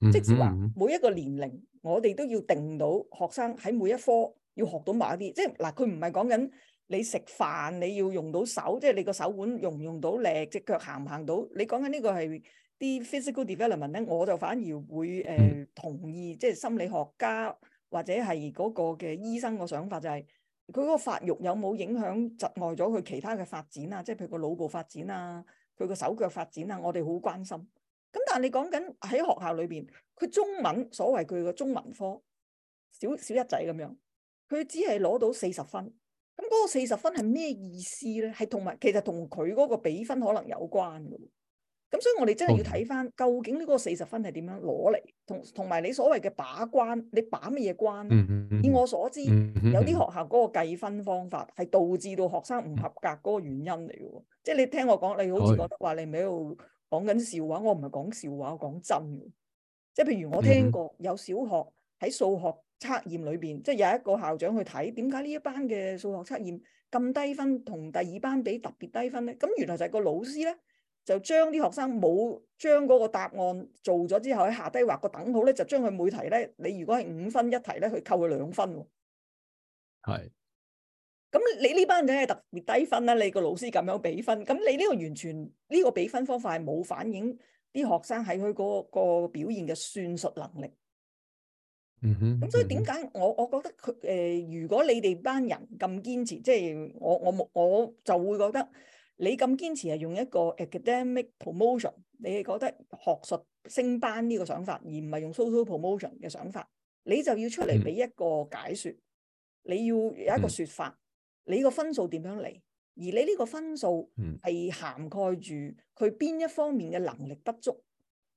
嗯嗯嗯、即係話每一個年齡，我哋都要定到學生喺每一科要學到某一啲，即係嗱，佢唔係講緊。你食飯你要用到手，即係你個手腕用唔用到力，隻腳行唔行到？你講緊呢個係啲 physical development 咧，我就反而會誒、呃嗯、同意，即係心理學家或者係嗰個嘅醫生個想法、就係，就係佢個發育有冇影響窒礙咗佢其他嘅發展啊？即係譬如個腦部發展啊，佢個手腳發展啊，我哋好關心。咁但係你講緊喺學校裏邊，佢中文所謂佢個中文科小小一仔咁樣，佢只係攞到四十分。咁嗰個四十分係咩意思咧？係同埋其實同佢嗰個比分可能有關嘅。咁所以我哋真係要睇翻究竟呢個四十分係點樣攞嚟，同同埋你所謂嘅把關，你把乜嘢關？嗯、哼以我所知，嗯、哼有啲學校嗰個計分方法係導致到學生唔合格嗰個原因嚟嘅。嗯、哼即係你聽我講，你好似覺得話你咪喺度講緊笑話，我唔係講笑話，我講真。即係譬如我聽過、嗯、哼有小學喺數學測驗裏邊，即係有一個校長去睇點解呢一班嘅數學測驗咁低分，同第二班比特別低分咧？咁原來就係個老師咧，就將啲學生冇將嗰個答案做咗之後，喺下低畫個等號咧，就將佢每題咧，你如果係五分一題咧，去扣佢兩分喎。係是。咁你呢班仔係特別低分啦，你個老師咁樣俾分，咁你呢個完全呢、呢個俾分方法係冇反映啲學生喺佢嗰個表現嘅算術能力。嗯哼，咁所以點解我我覺得佢誒、呃，如果你哋班人咁堅持，即係我我冇我就會覺得你咁堅持係用一個 academic promotion，你係覺得學術升班呢個想法，而唔係用 social promotion 嘅想法，你就要出嚟俾一個解說，嗯、你要有一個說法，嗯、你個分數點樣嚟，而你呢個分數係涵蓋住佢邊一方面嘅能力不足，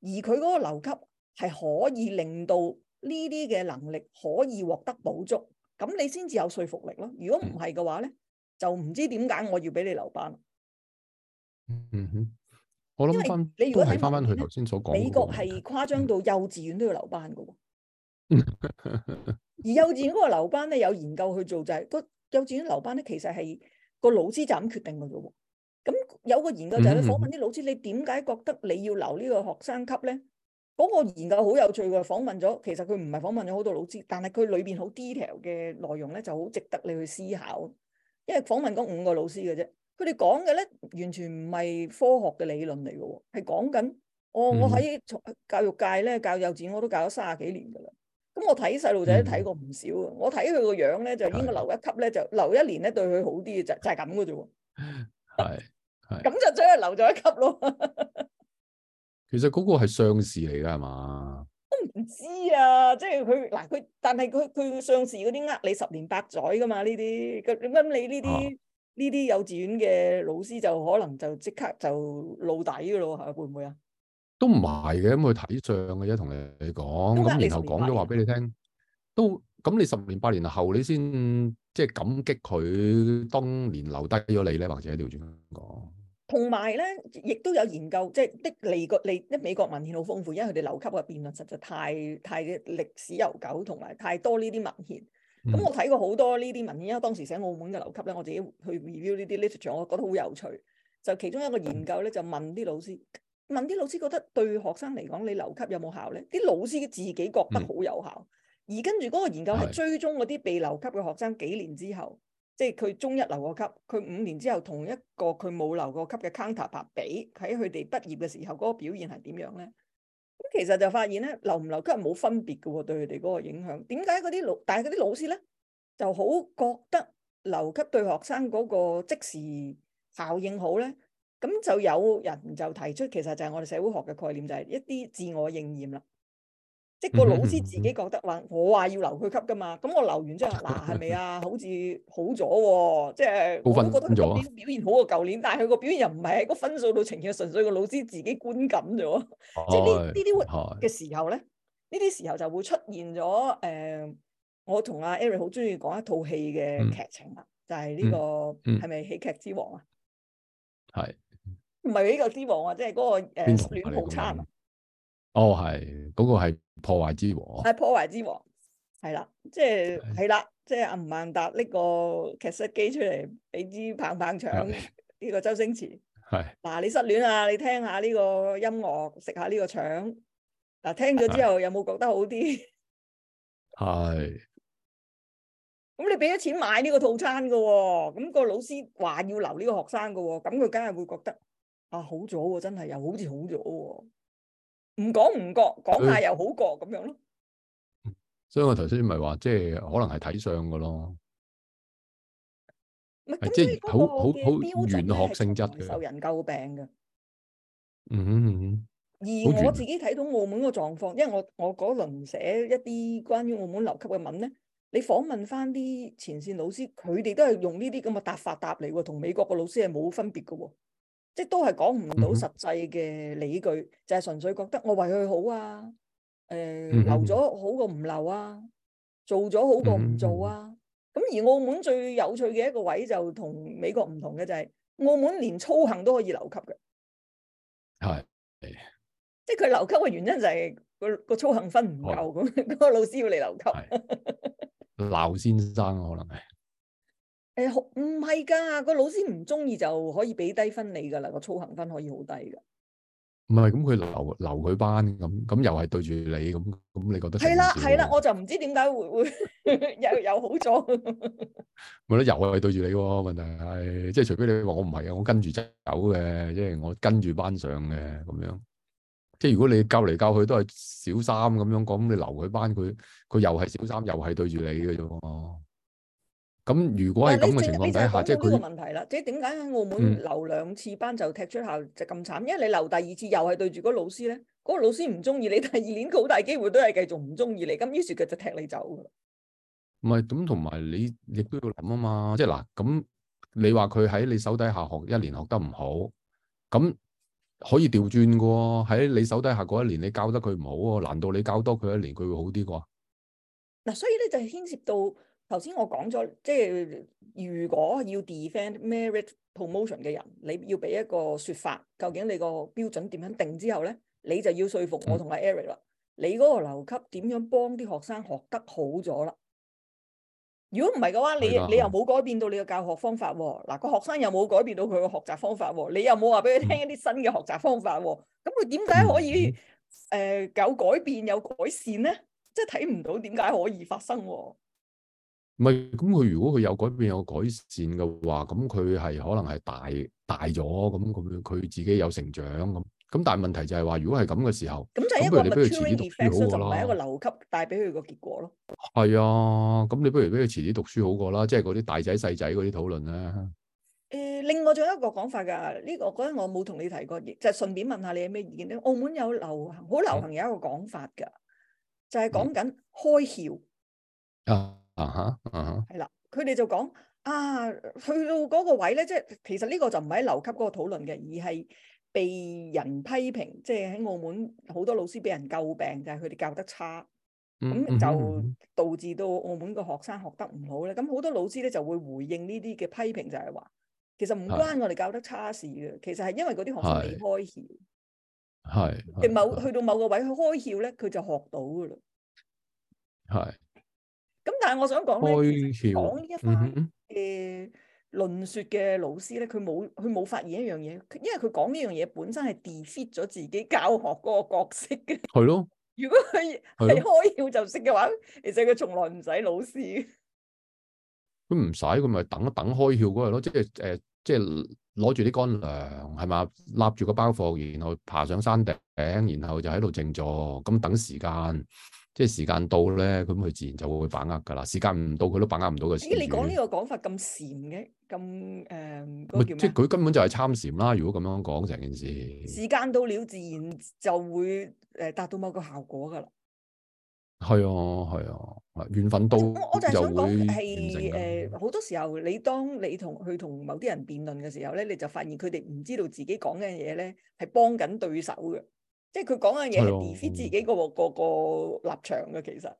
而佢嗰個留級係可以令到。呢啲嘅能力可以獲得補足，咁你先至有說服力咯。如果唔係嘅話咧，嗯、就唔知點解我要俾你留班。嗯哼，我諗翻，你如果睇翻翻佢頭先所講，美國係誇張到幼稚園都要留班嘅喎。 而幼稚園嗰個留班咧，有研究去做就係、係、個幼稚園留班咧，其實係個老師就咁決定嘅喎。咁有個研究就係訪問啲老師，嗯嗯嗯，你點解覺得你要留呢個學生級咧？嗰個研究好有趣喎，訪問咗其實佢唔係訪問咗好多老師，但係佢裏邊好 detail 嘅內容咧就好值得你去思考。因為訪問咗五個老師嘅啫，佢哋講嘅咧完全唔係科學嘅理論嚟嘅喎，係講緊哦，我喺教育界咧、嗯、教幼稚園我都教咗三十幾年嘅啦，咁我睇細路仔都睇過唔少啊。嗯、我睇佢個樣咧，就應該留一級咧，就留一年咧，對佢好啲嘅就就係咁嘅啫喎。係係咁就將佢留咗一級咯。其實嗰個係上市嚟噶係嘛？我唔知啊，即係佢嗱佢，但係佢佢上市嗰啲呃你十年八載噶嘛呢啲，咁點解你呢啲呢啲幼稚園嘅老師就可能就即刻就露底噶咯？吓會唔會啊？都唔係嘅，咁佢睇相嘅啫，同你講，咁然後講咗話俾你聽，都咁你十年八年後你先即係感激佢當年留低咗你咧，或者調轉講。同埋咧，亦都有研究，即係的美國、美一美國文獻好豐富，因為佢哋留級嘅辯論實在太太歷史悠久，同埋太多呢啲文獻。咁、嗯、我睇過好多呢啲文獻，因為當時寫澳門嘅留級咧，我自己去 review 呢啲 literature，我覺得好有趣。就其中一個研究咧，就問啲老師，問啲老師覺得對學生嚟講，你留級有冇效咧？啲老師自己覺得好有效，嗯、而跟住嗰個研究係追蹤嗰啲被留級嘅學生幾年之後。即係佢中一留個級，佢五年之後同一個佢冇留個級嘅 counterpart 比，喺佢哋畢業嘅時候嗰個表現係點樣咧？咁其實就發現咧，留唔留級係冇分別㗎喎，對佢哋嗰個影響。點解嗰啲老但係嗰啲老師咧就好覺得留級對學生嗰個即時效應好咧？咁就有人就提出，其實就係我哋社會學嘅概念，就係、是、一啲自我應驗啦。即係個老師自己覺得話，我話要留佢級噶嘛，咁我留完之後，嗱，係咪啊，好似好咗、哦，即係我都覺得佢今年表現好過舊年，但係佢個表現又唔係喺個分數度呈現，純粹個老師自己觀感咗。哎、即係呢呢啲嘅時候咧，呢啲、哎、時候就會出現咗。誒、呃，我同阿 Eric 好中意講一套戲嘅劇情啦，嗯、就係呢、這個係咪、嗯嗯、喜劇之王啊？係唔係喜劇之王啊？即係嗰個誒失戀套餐。哪裏 浦哦，係、oh,，嗰、那個係破壞之王，係破壞之王，係啦，即係係啦，即係阿吳孟達呢個劇室機出嚟俾啲棒棒腸，呢的個周星馳係嗱，你失戀啊，你聽下呢個音樂，食下呢個腸，嗱、啊、聽咗之後的有冇覺得好啲？係的，咁 你俾咗錢買呢個套餐噶、哦，咁、那個老師話要留呢個學生噶、哦，咁佢梗係會覺得啊好咗、啊啊啊啊啊，真係又好似好咗。唔講唔覺，講下又好過咁樣咯。所以我頭先咪話，即係可能係睇相噶咯。唔係，即係好好好玄學性質嘅。受人詬病嘅，嗯。嗯。嗯嗯，而我自己睇到澳門個狀況，嗯，因為我我嗰輪寫一啲關於澳門留級嘅文咧，你訪問翻啲前綫老師，佢哋都係用呢啲咁嘅答法答嚟喎，同美國個老師係冇分別嘅喎。即係都係講唔到實際嘅理據，就係純粹覺得我為佢好啊，誒留咗好過唔留啊，做咗好過唔做啊。咁而澳門最有趣嘅一個位就同美國唔同嘅就係，澳門連操行都可以留級嘅，係，即係佢留級嘅原因就係個個操行分唔夠，咁嗰個老師要你留級，鬧先生可能係。誒，唔係噶，個老師唔中意就可以俾低分你噶啦，個操行分可以好低噶。唔係咁，佢留留佢班咁，咁又係對住你咁，咁你覺得？係啦，係啦，我就唔知點解會會 又又好咗。咪 咯，又係對住你喎、啊，問題係即係除非你話我唔係啊，我跟住走嘅，即係我跟住班上嘅咁樣。即係如果你教嚟教去都係小三咁樣講，你留佢班，佢佢又係小三，又係對住你嘅啫。咁如果係咁嘅情況底下，即係呢個問題啦，即係點解喺澳門留兩次班就踢出校就咁慘？嗯、因為你留第二次又係對住嗰個老師咧，嗰、嗰個老師唔中意你，第二年佢好大機會都係繼續唔中意你，咁於是佢就踢你走噶唔係咁，同埋你亦都要諗啊嘛，即係嗱，咁你話佢喺你手底下學一年學得唔好，咁可以調轉噶喎，喺你手底下嗰一年你教得佢唔好，難道你教多佢一年佢會好啲啩？嗱，所以咧就牽涉到。頭先我講咗，即係如果要 defend merit promotion 嘅人，你要俾一個說法，究竟你個標準點樣定之後咧，你就要說服我同阿 Eric 啦。你嗰個留級點樣幫啲學生學得好咗啦？如果唔係嘅話，你你又冇改變到你嘅教學方法喎，哦，嗱、那個學生又冇改變到佢嘅學習方法喎，哦，你又冇話俾佢聽一啲新嘅學習方法喎，哦，咁佢點解可以誒、呃、有改變有改善咧？即係睇唔到點解可以發生，哦。唔係咁，佢如果佢有改變有改善嘅話，咁佢係可能係大大咗，咁佢佢自己有成長咁。咁但係問題就係話，如果係咁嘅時候，咁就係一個 material deficit 啦，就唔係一個留級帶俾佢個結果咯。係啊，咁你不如俾佢遲啲讀書好過啦，即係嗰啲大仔細仔嗰啲討論啦。誒，另外仲有一個講法㗎，呢、呢個我覺得我冇同你提過，就係、順便問下你有咩意見咧？澳門有流行，好流行有一個法、嗯、講法㗎，就係講緊開竅啊。啊哈，嗯、uh，係、huh, 啦、uh，佢、huh. 哋就講啊，去到嗰個位咧，即係其實呢個就唔係喺留級嗰個討論嘅，而係被人批評，即係喺澳門好多老師俾人詬病就係佢哋教得差，咁就導致到澳門個學生學得唔好咧。咁好、mm hmm. 多老師咧就會回應呢啲嘅批評就，就係話其實唔關我哋教得差事嘅，是其實係因為嗰啲學生未開竅，係定某是去到某個位去開竅咧，佢就學到噶啦，係。咁但係我想講咧，講呢開竅一塊嘅論說嘅老師咧，佢冇佢冇發現一樣嘢，因為佢講呢樣嘢本身係 defeat 咗自己教學嗰個角色嘅。係咯的，如果佢係開竅就識嘅話，其實佢從來唔使老師。佢唔使，佢咪等一等開竅嗰日咯，即係誒，即係攞住啲乾糧係嘛，攬住個包袱，然後爬上山頂，然後就喺度靜坐，咁等時間。即係時間到咧，咁佢自然就會把握噶啦。時間唔到，佢都把握唔到嘅。咦？你講呢個講法咁禪嘅，咁誒，即係佢根本就係參禪啦。如果咁樣講成件事，時間到了自然就會誒達到某個效果噶啦。係啊，係啊，緣分到就、啊、我就係想講。誒，好、呃、多時候你當你同去同某啲人辯論嘅時候咧，你就發現佢哋唔知道自己講嘅嘢咧係幫緊對手嘅。即係佢講嘅嘢 display 自己個個個立場嘅，其實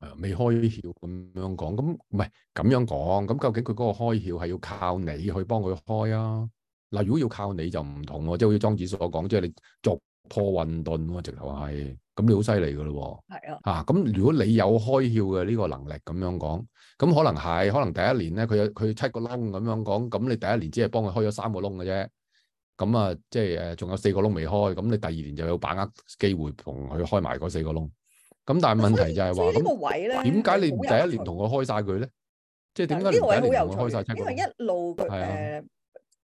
係未開竅咁樣講，咁唔係咁樣講，咁究竟佢嗰個開竅係要靠你去幫佢開啊？嗱，如果要靠你就唔同喎，啊，即係好似莊子所講，即係你鑿破混沌喎，直頭係，咁你好犀利噶咯，係啊，啊，咁的、啊、如果你有開竅嘅呢個能力咁樣講，咁可能係，可能第一年咧，佢有佢七個窿咁樣講，咁你第一年只係幫佢開咗三個窿嘅啫。咁啊，即係誒，仲有四個窿未開，咁你第二年就有把握機會同佢開埋嗰四個窿。咁但係問題就係話，點個位咧？點解你第一年同佢開晒佢咧？即係點解？呢個位好有才，因為一路誒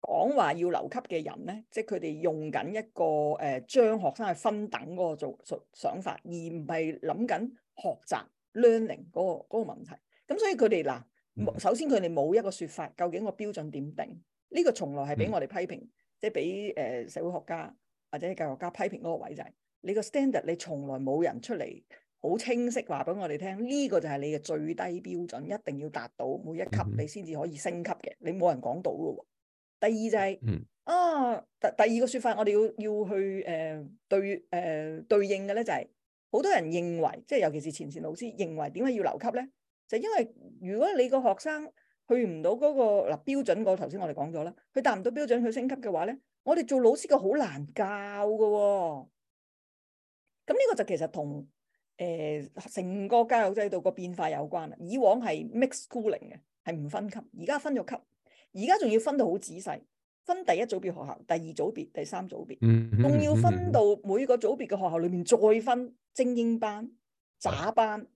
講話要留級嘅人咧，即係佢哋用緊一個誒將學生係分等嗰個做想法，而唔係諗緊學習 learning 嗰、嗰個嗰、嗰個問題。咁所以佢哋嗱，首先佢哋冇一個説法，究竟個標準點定？呢、呢個從來係俾我哋批評、嗯。即係俾誒社會學家或者教育家批評嗰個位就係、是、你個 standard 你從來冇人出嚟好清晰話俾我哋聽，呢、這個就係你嘅最低標準，一定要達到每一級你先至可以升級嘅，你冇人講到咯、哦。第二就係、是嗯、啊，第第二個說法我，我哋要要去誒、呃、對誒、呃、對應嘅咧、就是，就係好多人認為，即係尤其是前線老師認為點解要留級咧？就是、因為如果你個學生，去唔到嗰個嗱、啊、標準個，頭先我哋講咗啦，佢達唔到標準，佢升級嘅話咧，我哋做老師嘅好難教嘅喎、哦。咁呢個就其實同誒成個教育制度個變化有關啦。以往係 mixed schooling 嘅，係唔分級，而家分咗級，而家仲要分到好仔細，分第一組別學校、第二組別、第三組別，仲 要分到每個組別嘅學校裏面再分精英班、渣班。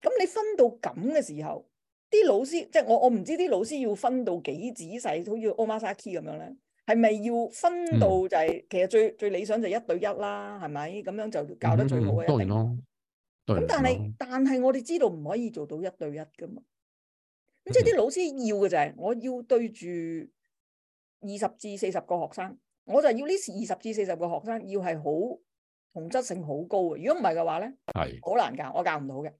咁你分到咁嘅時候，啲老師即係我我唔知啲老師要分到幾仔細，好似 Omasaki 咁樣咧，係咪要分到就係、是嗯、其實最最理想就一對一啦，係咪咁樣就教得最好嘅、嗯、當然咯，對。咁但係但係我哋知道唔可以做到一對一噶嘛。咁即係啲老師要嘅就係、是嗯、我要對住二十至四十個學生，我就要呢二十至四十個學生要係好同質性好高嘅。如果唔係嘅話咧，係好是難教，我教唔到嘅。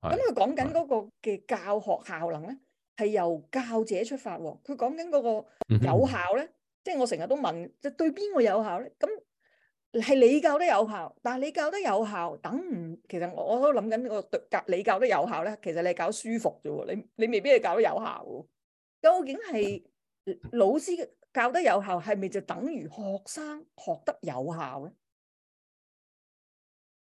咁佢講緊嗰個嘅教學效能咧，係由教者出發喎。佢講緊嗰個有效咧，即係我成日都問，即係對邊個有效咧？咁係你教得有效，但係你教得有效，等唔，其實我都諗緊呢個對教你教得有效咧，其實你係搞舒服啫，你你未必係教得有效。究竟係老師教得有效，係咪就等於學生學得有效咧？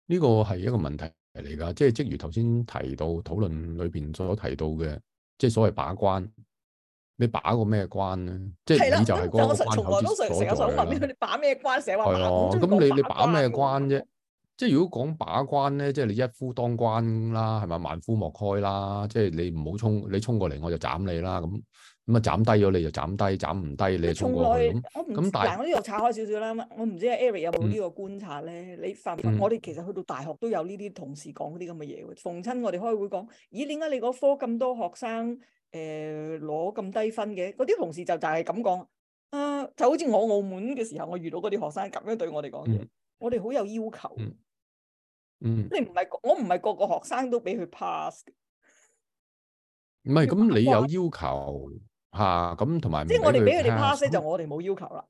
呢個係一個問題。嚟㗎，即係即如頭先提到討論裏邊所提到嘅，即係所謂把關，你把個咩關咧？即係你就係個關口之所在啦。把咩關？成日話咁你你把咩關啫？即係如果講把關咧，即係你一夫當關啦，係咪？萬夫莫開啦。即係你唔好衝，你衝過嚟我就斬你啦。咁。咁但啊，斬低咗你就斬低，斬唔低你就衝過去咁。咁但我呢度拆開少少啦，我唔知 Eric 有冇呢個觀察咧。嗯、你凡、嗯、我哋其實去到大學都有呢啲同事講嗰啲咁嘅嘢。逢親我哋開會講，咦？點解你嗰科咁多學生誒攞咁低分嘅？嗰啲同事就就係咁講。誒、啊，就好似我澳門嘅時候，我遇到嗰啲學生咁樣對我哋講嘢。嗯、我哋好有要求。嗯，嗯你唔係我唔係個個學生都俾佢 pass 說。唔係、嗯，咁你有要求。嗯嗯嗯吓咁同埋，啊、看看即係我哋俾佢哋 pass 就我哋冇要求啦。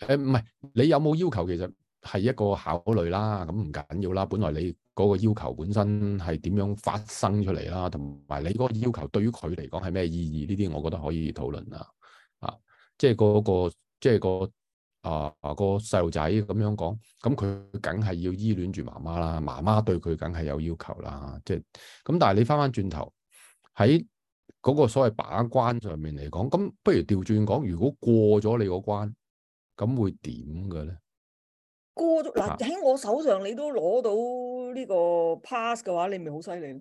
誒、呃，唔係你有冇要求，其實係一個考慮啦。咁唔緊要啦，本來你嗰個要求本身係點樣發生出嚟啦，同埋你嗰個要求對於佢嚟講係咩意義？呢啲我覺得可以討論啦。啊，即係嗰、嗰個，即係、嗰個啊、呃嗰個細路仔咁樣講，咁佢梗係要依戀住媽媽啦。媽媽對佢梗係有要求啦。啊、即係咁，但係你返返轉頭喺嗰個所謂把關上面嚟講，咁不如調轉講，如果過咗你個關，咁會點嘅咧？過咗嗱喺我手上，你都攞到呢個 pass 嘅話，你咪好犀利咯。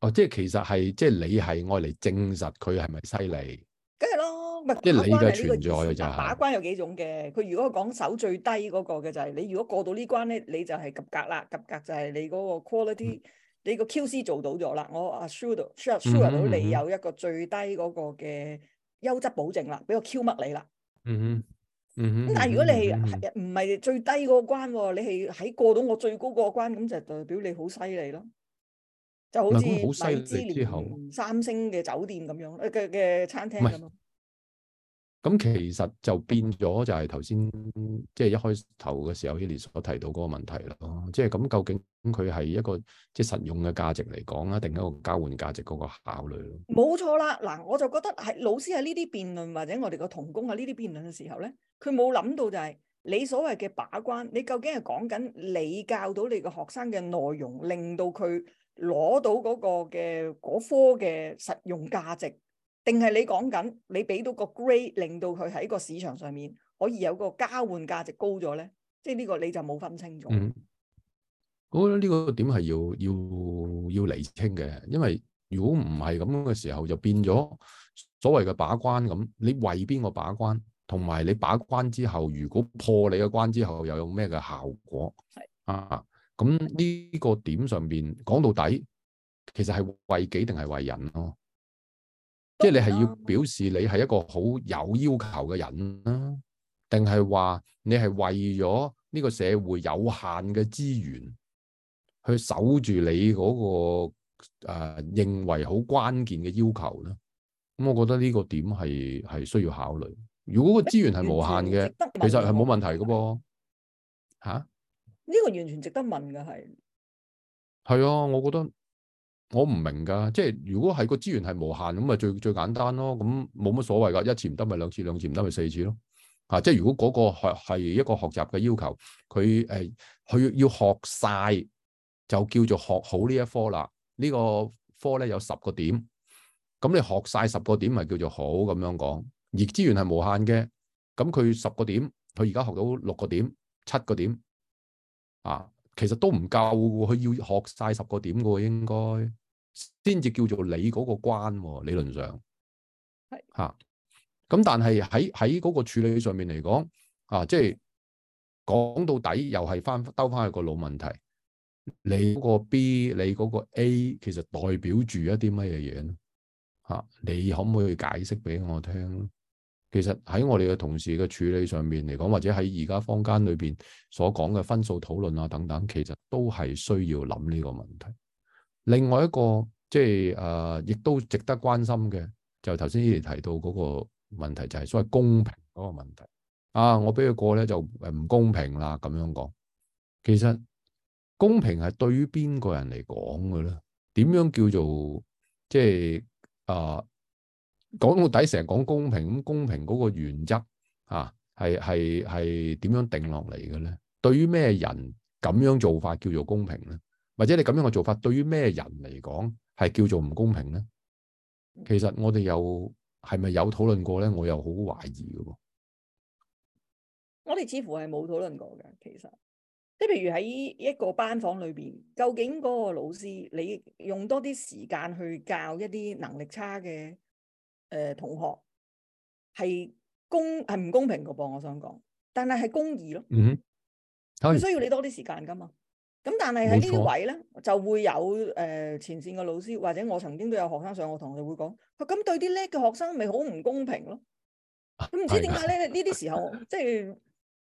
哦，即係其實係即係你係愛嚟證實佢係咪犀利？梗係咯，咪把關係呢個存在嘅啫。把關有幾種嘅，佢如果講守最低嗰個嘅就係你，如果過到呢關咧，你就係及格啦。及格就係你嗰個 quality。你個 QC 做到咗啦，我 a、啊、assume 到，assume 到你有一個最低嗰個嘅優質保證啦，俾個 q 乜你啦。嗯哼、嗯嗯嗯嗯嗯嗯，嗯哼。咁但係如果你係唔係最低嗰個關喎，你係喺過到我最高嗰個關，咁就代表你好犀利咯，就好似米、嗯嗯嗯嗯、芝蓮三星嘅酒店咁樣嘅嘅、嗯嗯嗯、餐廳咁咯。咁其實就變咗就係頭先即係一開頭嘅時候 Eli 所提到嗰個問題咯，即係咁究竟佢係一個即係、就是、實用嘅價值嚟講啊，定一個交換價值嗰個考慮？冇錯啦，嗱，我就覺得係老師喺呢啲辯論或者我哋個同工喺呢啲辯論嘅時候咧，佢冇諗到就係、是、你所謂嘅把關，你究竟係講緊你教到你嘅學生嘅內容，令到佢攞到嗰個嘅嗰科嘅實用價值。定係你講緊你俾到個 grade 令到佢喺個市場上面可以有個交換價值高咗咧，即係呢個你就冇分清楚、嗯。我覺得呢個點係要要要釐清嘅，因為如果唔係咁樣嘅時候，就變咗所謂嘅把關咁。你為邊個把關？同埋你把關之後，如果破你嘅關之後，又有咩嘅效果？係的啊，咁呢個點上邊講到底，其實係為己定係為人咯、啊？即係你係要表示你係一個好有要求嘅人啦，定係話你係為咗呢個社會有限嘅資源去守住你嗰、嗰個誒、呃、認為好關鍵嘅要求咧？咁、嗯、我覺得呢個點係係需要考慮。如果個資源係無限嘅，其實係冇問題嘅噃。吓？呢個完全值得問嘅係。係啊，啊，我覺得。我唔明噶，即係如果係個資源係無限咁咪最最簡單咯，咁冇乜所謂噶，一次唔得咪兩次，兩次唔得咪四次咯，啊！即係如果嗰個係係一個學習嘅要求，佢誒，佢、欸、要學晒就叫做學好一、這個、呢一科啦。呢個科咧有十個點，咁你學晒十個點咪叫做好咁樣講。而資源係無限嘅，咁佢十個點，佢而家學到六個點、七個點啊，其實都唔夠，佢要學晒十個點嘅應該先至叫做你嗰個關，理論上係吓。咁是、啊、但係喺喺嗰個處理上面嚟講，啊，即係講到底又係翻兜翻去個老問題。你嗰個 B，你嗰個 A，其實代表住一啲乜嘢嘢咧？吓、啊，你可唔可以解釋俾我聽？其實喺我哋嘅同事嘅處理上面嚟講，或者喺而家坊間裏邊所講嘅分數討論啊等等，其實都係需要諗呢個問題。另外一個即係誒、呃，亦都值得關心嘅，就頭先亦提到嗰個問題，就係、是、所謂公平嗰個問題。啊，我俾佢過咧就唔公平啦，咁樣講。其實公平係對於邊個人嚟講嘅咧？點樣叫做即係誒？講、呃、到底成日講公平，咁公平嗰個原則啊，係係係點樣定落嚟嘅咧？對於咩人咁樣做法叫做公平咧？或者你咁樣嘅做法對於咩人嚟講係叫做唔公平咧？其實我哋又係咪有討論過咧？我又好懷疑嘅。我哋似乎係冇討論過嘅。其實即係譬如喺一個班房裏面，究竟嗰個老師你用多啲時間去教一啲能力差嘅誒、呃、同學，係公係唔公平嘅噃。我想講，但係係公義咯。嗯哼，佢需要你多啲時間噶嘛？咁但係喺呢啲位咧，錯就會有誒前線嘅老師，或者我曾經都有學生上我堂就會講：佢咁對啲叻嘅學生咪好唔公平咯？咁唔的知點解咧？呢啲 時候即係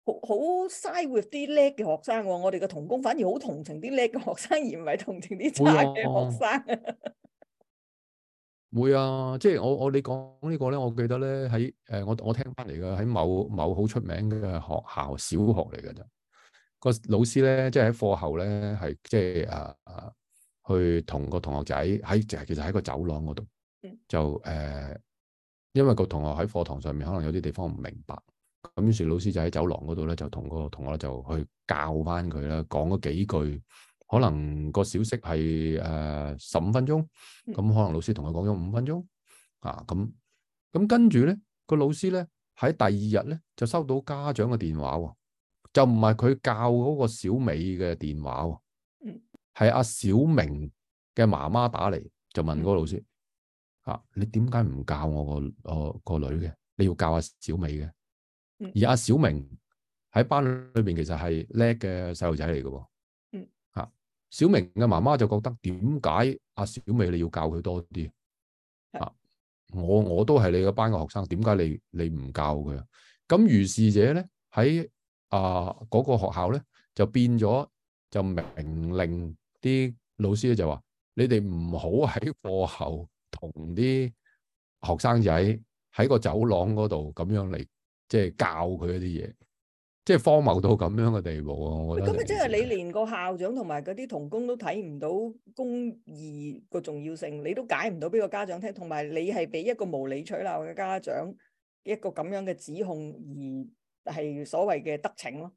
好好嘥，with 啲叻嘅學生喎。我哋嘅同工反而好同情啲叻嘅學生，而唔係同情啲差嘅學生會、啊。會啊，即、就、係、是、我我你講呢個咧，我記得咧喺誒我我聽翻嚟嘅喺某某好出名嘅學校小學嚟嘅啫。個老師咧，即係喺課後咧，係即係啊、呃，去同個同學仔喺，其實喺個走廊嗰度就誒、呃，因為個同學喺課堂上面可能有啲地方唔明白，咁於是老師就喺走廊嗰度咧，就同個同學咧就去教翻佢啦，講咗幾句，可能個小息係誒十五分鐘，咁可能老師同佢講咗五分鐘啊，咁咁跟住咧，呢那個老師咧喺第二日咧就收到家長嘅電話喎、哦。就唔係佢教嗰個小美嘅電話、啊，係阿、嗯啊、小明嘅媽媽打嚟就問個老師、嗯、啊，你點解唔教我個我個女嘅？你要教阿小美嘅？嗯、而阿、啊、小明喺班裏邊其實係叻嘅細路仔嚟嘅，吓、嗯啊、小明嘅媽媽就覺得，點解阿小美你要教佢多啲、嗯、啊？我我都係你個班嘅學生，點解你你唔教佢？咁如是者咧喺。啊！嗰個學校咧就變咗，就命令啲老師咧就話：你哋唔好喺課後同啲學生仔喺個走廊嗰度咁樣嚟，即係教佢一啲嘢，即係荒謬到咁樣嘅地步啊！我覺得咁即係你連個校長同埋嗰啲同工都睇唔到公義個重要性，你都解唔到俾個家長聽，同埋你係俾一個無理取鬧嘅家長一個咁樣嘅指控而。係所謂嘅得逞咯，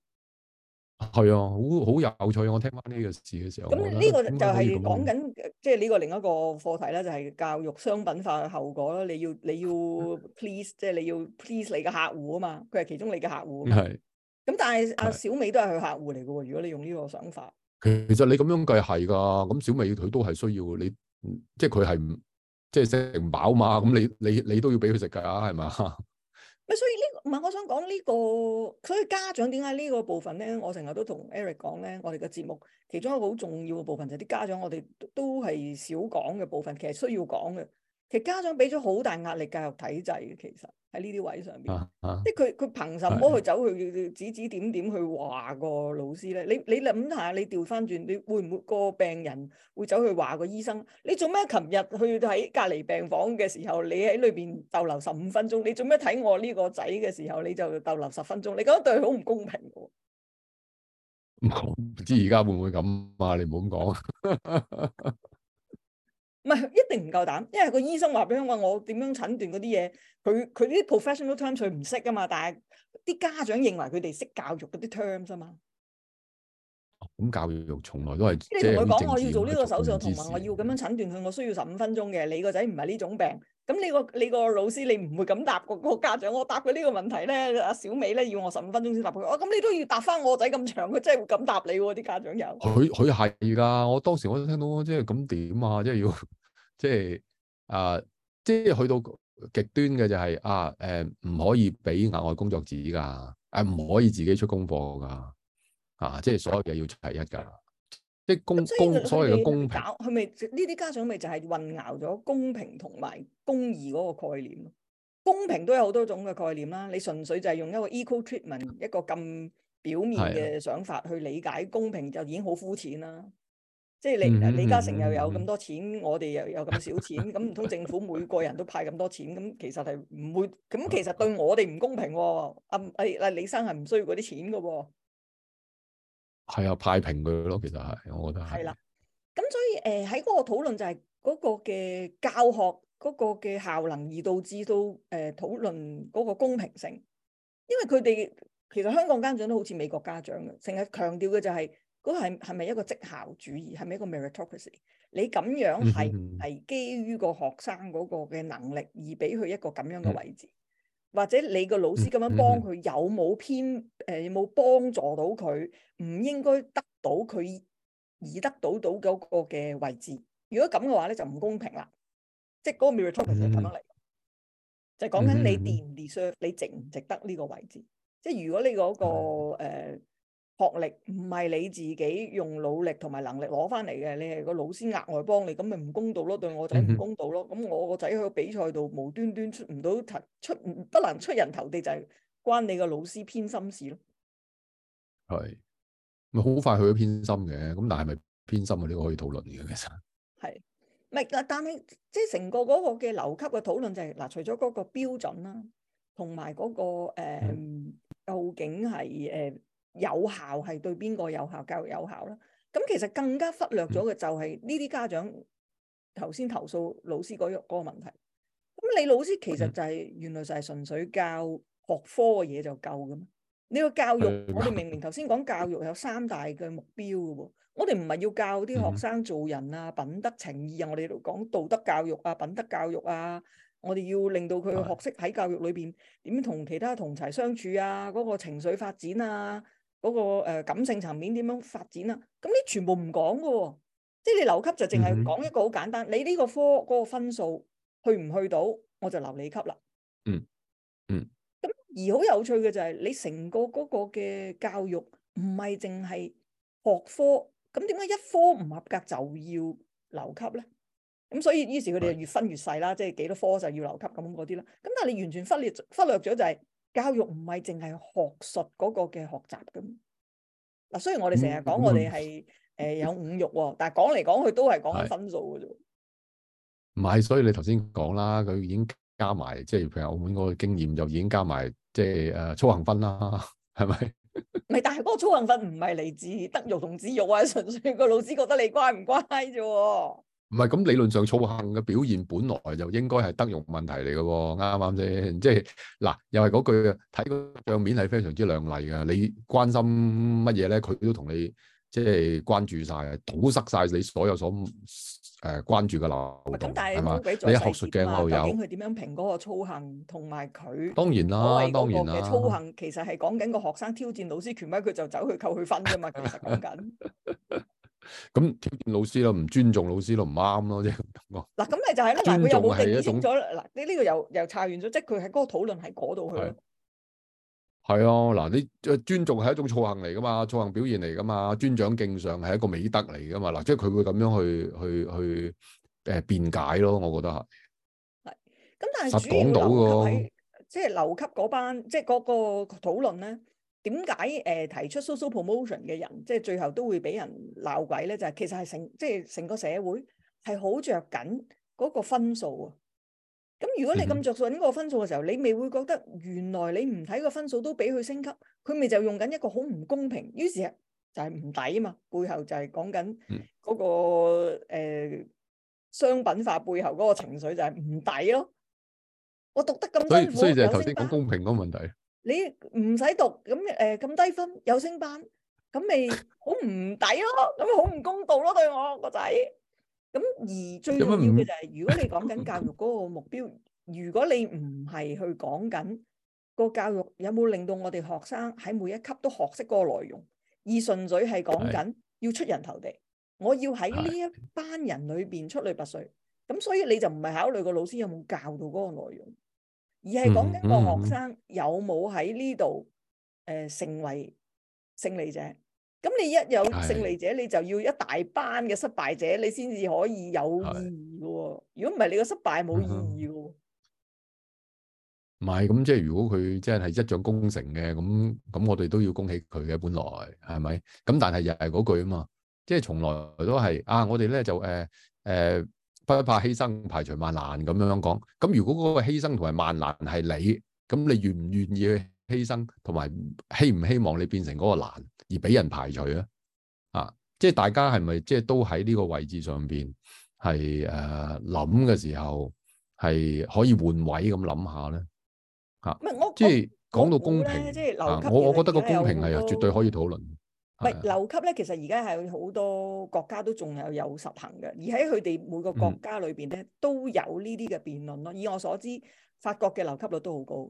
係啊，好好有趣，我聽翻呢個字嘅時候，咁呢個就係講緊即係呢個另一個課題啦，就係、是、教育商品化嘅後果啦。你要你要 please，即係你要 please 你嘅客戶啊嘛，佢係其中你嘅客戶啊，係。咁是但係阿、啊、小美都係佢客戶嚟噶，如果你用呢個想法，其實你咁樣計係噶，咁小美佢都係需要你，即係佢係即係食唔飽嘛，咁你你你都要俾佢食噶，係嘛？所以呢、呢個，唔係我想講呢、呢個，所以家長點解呢個部分咧？我成日都同 Eric 講咧，我哋嘅節目其中一個好重要嘅部分就係啲家長我，我哋都係少講嘅部分，其實需要講嘅。其實家長俾咗好大壓力教育體制嘅，其實喺呢啲位上邊，啊啊、即係佢佢憑什麼去走去指指點點去話個老師咧？你你諗下，你調翻轉，你會唔會個病人會走去話個醫生？你做咩？琴日去喺隔離病房嘅時候，你喺裏邊逗留十五分鐘，你做咩睇我呢個仔嘅時候你就逗留十分鐘？你覺得對佢好唔公平㗎？唔知而家會唔會咁啊？你唔好咁講啊！ 唔係一定唔夠膽，因為個醫生話俾我聽我點樣診斷嗰啲嘢，佢佢啲 professional terms 佢唔識噶嘛，但係啲家長認為佢哋識教育嗰啲 terms 啊嘛。咁、嗯、教育從來都係即係同佢講，我要做呢個手術，同埋我要咁樣診斷佢，我需要十五分鐘嘅。你個仔唔係呢種病。咁你個你個老師你唔會咁答個家長，我答佢呢個問題咧，阿小美咧要我十五分鐘先答佢。我、哦、咁你都要答翻我仔咁長，佢真係會咁答你啲、啊、家長又，佢佢係噶，我當時我都聽到，即係咁點啊？即係要即係啊？即係、呃、去到極端嘅就係、是、啊？誒、呃，唔可以俾額外工作紙噶，誒、啊，唔可以自己出功課噶，啊，即係所有嘢要統一噶。即公所謂嘅公搞，佢咪呢啲家長咪就係混淆咗公平同埋公義嗰個概念咯？公平都有好多種嘅概念啦。你純粹就係用一個 equal treatment，一個咁表面嘅想法去理解公平，就已經好膚淺啦。的即係李李嘉誠又有咁多錢， 我哋又有咁少錢，咁唔通政府每個人都派咁多錢？咁其實係唔會，咁其實對我哋唔公平喎、啊。阿阿李生係唔需要嗰啲錢嘅喎、啊。係啊，派平佢咯，其實係，我覺得係。係啦，咁所以誒，喺、呃、嗰個討論就係嗰個嘅教學嗰、嗰個嘅效能，而導致到誒、呃、討論嗰個公平性。因為佢哋其實香港家長都好似美國家長嘅，成日強調嘅就係嗰係係咪一個績效主義，係咪一個 meritocracy？你咁樣係係 基於個學生嗰個嘅能力而俾佢一個咁樣嘅位置。 或者你個老師咁樣幫佢有冇偏、誒、呃、有冇幫助到佢，唔應該得到佢而得到到嗰個嘅位置。如果咁嘅話咧，就唔公平啦。即係嗰，那個 meritocracy 咁樣嚟，mm hmm. 就講緊你 deserve 你值唔值得呢個位置。即係如果你嗰，那個、mm hmm. 呃學歷唔係你自己用努力同埋能力攞翻嚟嘅，你係個老師額外幫你，咁咪唔公道咯？對我仔唔公道咯？咁、嗯、我個仔去比賽度無端端出唔到頭，出不能出人頭地，就係、是、關你個老師偏心事咯。係咪好快去咗偏心嘅？咁但係咪偏心啊？呢、呢個可以討論嘅，其實係咪但係即係成個嗰個嘅留級嘅討論就係、是、嗱，除咗嗰個標準啦，同埋嗰個誒，嗯嗯、究竟係誒？有效係對邊個有效，教育有效啦。咁其實更加忽略咗嘅就係呢啲家長頭先投訴老師嗰個嗰個問題。咁你老師其實就係、是嗯、原來就係純粹教學科嘅嘢就夠嘅咩？你個教育、嗯、我哋明明頭先講教育有三大嘅目標嘅喎，我哋唔係要教啲學生做人啊、品德情義啊。我哋講道德教育啊、品德教育啊，我哋要令到佢學識喺教育裏邊點同其他同儕相處啊，嗰、那個情緒發展啊。嗰個感性層面點樣發展啦、啊？咁你全部唔講嘅喎，即係你留級就淨係講一個好簡單，mm hmm. 你呢個科嗰個分數去唔去到，我就留你級啦。嗯嗯、mm。咁、hmm. 而好有趣嘅就係、是、你成個嗰個嘅教育唔係淨係學科，咁點解一科唔合格就要留級咧？咁所以於是佢哋就越分越細啦，mm hmm. 即係幾多科就要留級咁嗰啲啦。咁但係你完全忽略忽略咗就係、是。教育唔係淨係學術嗰個嘅學習噶，嗱雖然我哋成日講我哋係誒有五育喎、哦，但係講嚟講去都係講緊分數嘅啫。唔係，所以你頭先講啦，佢已經加埋即係譬如澳門嗰個經驗，就已經加埋即係誒操行分啦，係咪？唔 係，但係嗰個操行分唔係嚟自德育同智育啊，純粹個老師覺得你乖唔乖啫、啊。唔係咁理論上操行嘅表現本來就應該係德育問題嚟嘅喎，啱唔啱先？即係嗱，又係嗰句啊，睇個帳面係非常之亮麗嘅。你關心乜嘢咧？佢都同你即係關注曬，堵塞晒你所有所誒、呃、關注嘅漏洞係嘛？咁但係，你學術嘅又有，究竟佢點樣評嗰個操行同埋佢？當然啦，那個那個當然啦。操行其實係講緊個學生挑戰老師權威，佢就走去扣佢分㗎嘛。其實講緊。咁挑戰老師咯，唔尊重老師咯，唔啱咯，即係咁講。嗱、啊，咁、啊、你就係啦，尊重係一種。嗱，呢呢個又又查完咗，即係佢喺嗰個討論喺果度去。係啊，嗱，你尊重係一種操行嚟噶嘛，操行表現嚟噶嘛，尊長敬上係一個美德嚟噶嘛，嗱，即係佢會咁樣去去去誒辯解咯，我覺得係。係，咁但係主要留喺，即係留級嗰班，即係嗰個討論咧。點解誒提出 social promotion 嘅人，即係最後都會俾人鬧鬼咧？就係其實係成即係成個社會係好著緊嗰個分數啊！咁如果你咁著數嗰個分數嘅時候，你未會覺得原來你唔睇個分數都俾佢升級，佢咪就用緊一個好唔公平？於是就係唔抵嘛，背後就係講緊嗰個誒商品化背後嗰個情緒就係唔抵咯。我讀得咁，所以所以就係頭先講公平嗰個問題。你唔使讀咁誒，咁低分有升班，咁咪好唔抵咯？咁好唔公道咯？對我個仔。咁而最重要嘅就係，如果你講緊教育嗰個目標，如果你唔係去講緊個教育有冇令到我哋學生喺每一級都學識嗰個內容，而純粹係講緊要出人頭地，的我要喺呢一班人裏邊出類拔萃，咁所以你就唔係考慮個老師有冇教到嗰個內容。而係講緊個學生有冇喺呢度誒成為勝利者？咁你一有勝利者，的你就要一大班嘅失敗者，你先至可以有意義嘅喎、哦。的哦嗯、如果唔係，你個失敗冇意義嘅喎。唔係咁，即係如果佢即係一將功成嘅，咁咁我哋都要恭喜佢嘅。本來係咪？咁但係又係嗰句啊嘛，即係從來都係啊！我哋咧就誒誒。呃呃不怕犧牲，排除萬難咁樣講。咁如果嗰個犧牲同埋萬難係你，咁你願唔願意去犧牲，同埋希唔希望你變成嗰個難而俾人排除啊？啊，即係大家係咪即係都喺呢個位置上邊係誒諗嘅時候係可以換位咁諗下咧？嚇，即係講到公平，即係我我覺得個公平係啊，絕對可以討論。唔係留級咧，其實而家係好多國家都仲有有實行嘅，而喺佢哋每個國家裏邊咧都有呢啲嘅辯論咯。以我所知，法國嘅留級率都好高，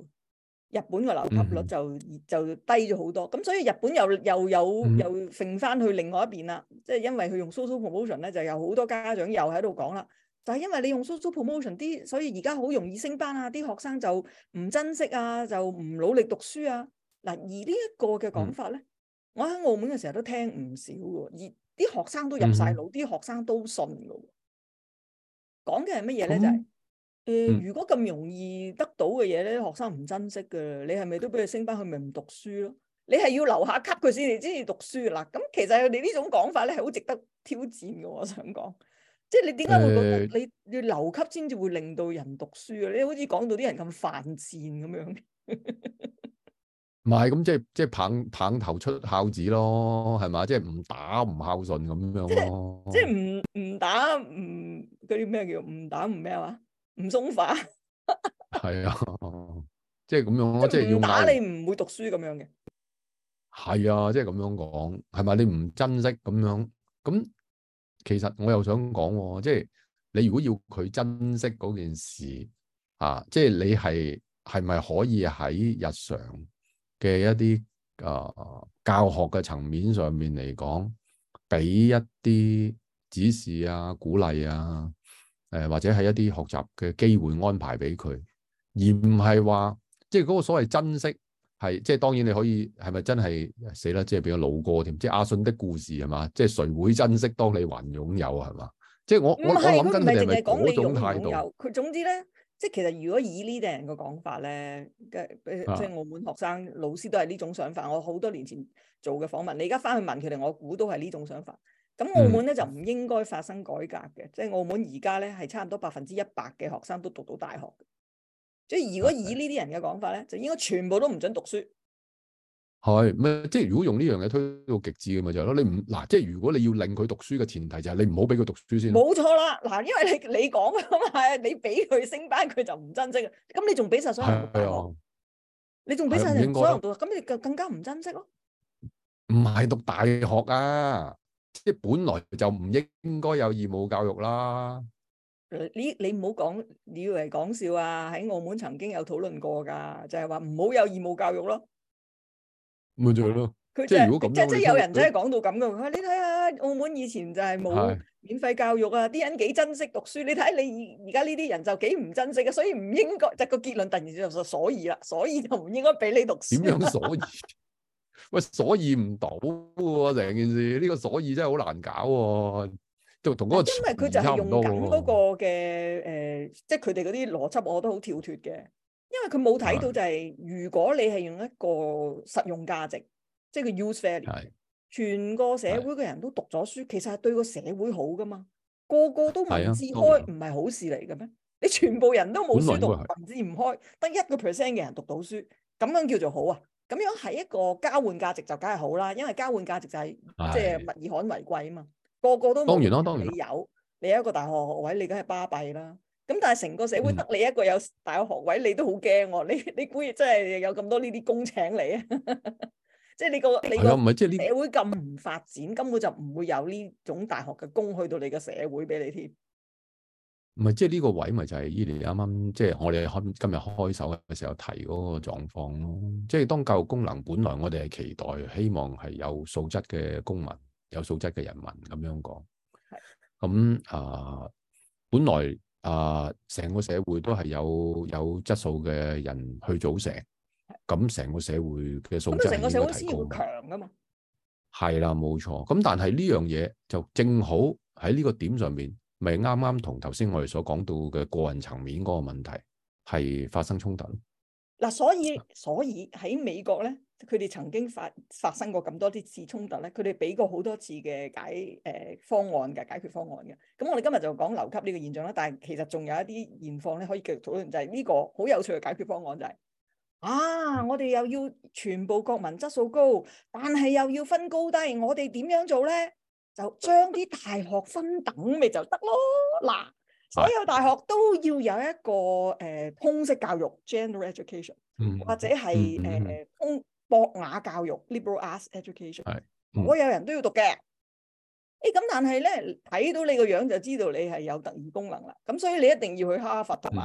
日本嘅留級率就、嗯、就低咗好多。咁所以日本又又有又揈翻、嗯、去另外一邊啦，即係因為佢用 social promotion 咧，就有好多家長又喺度講啦。但、就、係、係、因為你用 social promotion 啲，所以而家好容易升班啊！啲學生就唔珍惜啊，就唔努力讀書啊。嗱，而呢一個嘅講法咧。嗯我喺澳門嘅時候都聽唔少嘅，而啲學生都入晒腦，啲、嗯、學生都信嘅。講嘅係乜嘢咧？就係、是、誒、呃、嗯、如果咁容易得到嘅嘢咧，學生唔珍惜嘅。你係咪都俾佢升班？佢咪唔讀書咯？你係要留下級佢先，先至讀書嗱。咁其實你呢種講法咧，係好值得挑戰嘅。我想講，即、就、係、是、你點解會覺得你要留級先至會令到人讀書？你好似講到啲人咁犯賤咁樣。 唔係咁，即係即係棒棒頭出孝子咯，係嘛、就是？即係唔打唔孝順咁樣咯，即係唔唔打唔嗰啲咩叫唔打唔咩啊？嘛，唔鬆化。係 啊，即係咁樣咯，即係要打你唔會讀書咁樣嘅。係啊，即係咁樣講，係咪？你唔珍惜咁樣，咁其實我又想講、啊，即係你如果要佢珍惜嗰件事啊，即係你係係咪可以喺日常？嘅一啲誒、呃、教學嘅層面上面嚟講，俾一啲指示啊、鼓勵啊，誒、呃、或者係一啲學習嘅機會安排俾佢，而唔係話即係嗰個所謂珍惜係即係當然你可以係咪真係死啦？即係比較老過添，即係阿信的故事係嘛？即係誰會珍惜當你還擁有係嘛？即係我是我我諗緊你係咪嗰種態度？佢總之咧。即係其實，如果以呢啲人嘅講法咧，即係澳門學生老師都係呢種想法。我好多年前做嘅訪問，你而家翻去問佢哋，我估都係呢種想法。咁澳門咧、嗯、就唔應該發生改革嘅。即係澳門而家咧係差唔多百分之一百嘅學生都讀到大學。即係如果以呢啲人嘅講法咧，就應該全部都唔准讀書。係，咪即係如果用呢樣嘢推到極致嘅咪就係咯？你唔嗱，即係如果你要令佢讀書嘅前提就係你唔好俾佢讀書先，冇錯啦。嗱，因為你你講噶嘛，係你俾佢升班，佢就唔珍惜啊。咁你仲俾晒所有人讀，啊、你仲俾晒所有人讀，咁、啊、你更更加唔珍惜咯。唔係讀大學啊，即係本來就唔應該有義務教育啦。你你唔好講，你以為講笑啊？喺澳門曾經有討論過噶，就係話唔好有義務教育咯。咪就係咯，即係如果即係即係有人真係講到咁嘅，佢話你睇下澳門以前就係冇免費教育啊，啲人幾珍惜讀書。你睇下你而而家呢啲人就幾唔珍惜啊，所以唔應該就個結論突然之就所以啦，所以就唔應該俾你讀書。點樣所以？喂，所以唔到喎，成件事呢個所以真係好難搞喎，就同嗰個因為佢就係用緊嗰個嘅誒，即係佢哋嗰啲邏輯，我都好跳脱嘅。因為佢冇睇到就係、是，如果你係用一個實用價值，即係個 use value，全個社會嘅人都讀咗書，的其實係對個社會好噶嘛。個個都民智開，唔係好事嚟嘅咩？你全部人都冇書讀，民智唔開，得一個 percent 嘅人讀到書，咁樣叫做好啊？咁樣係一個交換價值就梗係好啦，因為交換價值就係、是、的即係物以罕為貴啊嘛。個個都當然咯，當然你有你有一個大學學位，你梗係巴閉啦。咁但係成個社會得你一個有大學學位，嗯、你都好驚喎！你你估亦真係有咁多呢啲工請 你啊？即係呢個你個社會咁唔發展，根本就唔會有呢種大學嘅工去到你嘅社會俾你添。唔係，即係呢個位、就是，咪就係依啲啱啱，即係我哋開今日開手嘅時候提嗰個狀況咯。即、就、係、是、當教育功能本來我哋係期待希望係有素質嘅公民，有素質嘅人民咁樣講。咁啊的、呃，本來。啊！成個社會都係有有質素嘅人去組成，咁成個社會嘅素質應該提高。咁成個社會先要強噶嘛？係啦，冇錯。咁但係呢樣嘢就正好喺呢個點上面，咪啱啱同頭先我哋所講到嘅個人層面嗰個問題係發生衝突。嗱，所以所以喺美國咧。佢哋曾經發發生過咁多啲次衝突咧，佢哋俾過好多次嘅解誒、呃、方案嘅解決方案嘅。咁我哋今日就講留級呢個現象啦。但係其實仲有一啲現況咧，可以繼續討論就係、是、呢個好有趣嘅解決方案就係、是、啊，我哋又要全部國民質素高，但係又要分高低，我哋點樣做咧？就將啲大學分等咪就得咯。嗱，所有大學都要有一個誒通識教育 （general education） 或者係誒通。呃博雅教育 （liberal arts education），嗯、如果有人都要讀嘅。誒、哎、咁，但係咧睇到你個樣就知道你係有特異功能啦。咁所以你一定要去哈佛同埋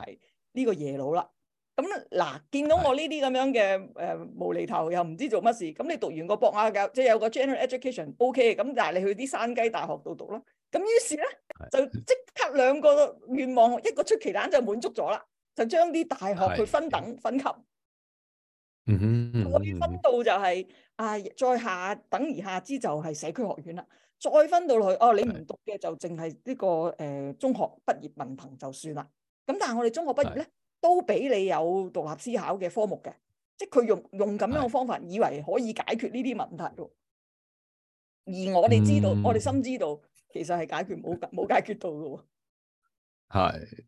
呢個耶魯、嗯、啦。咁嗱，見到我呢啲咁樣嘅誒、呃、無厘頭又唔知做乜事，咁你讀完個博雅教即係、就是、有個 general education，OK、okay。咁但係你去啲山雞大學度讀咯。咁於是咧就即刻兩個願望、嗯、一個出奇蛋就滿足咗啦，就將啲大學去分等分級。嗯嗯 嗯哼，我哋分到就係、是、啊，再下等而下之就係社區學院啦，再分到落去哦、啊，你唔讀嘅就淨係呢個誒、呃、中學畢業文憑就算啦。咁但係我哋中學畢業咧，是都俾你有獨立思考嘅科目嘅，即係佢用用咁樣嘅方法，以為可以解決呢啲問題，是而我哋知道，嗯、我哋深知道，其實係解決冇冇解決到嘅。係。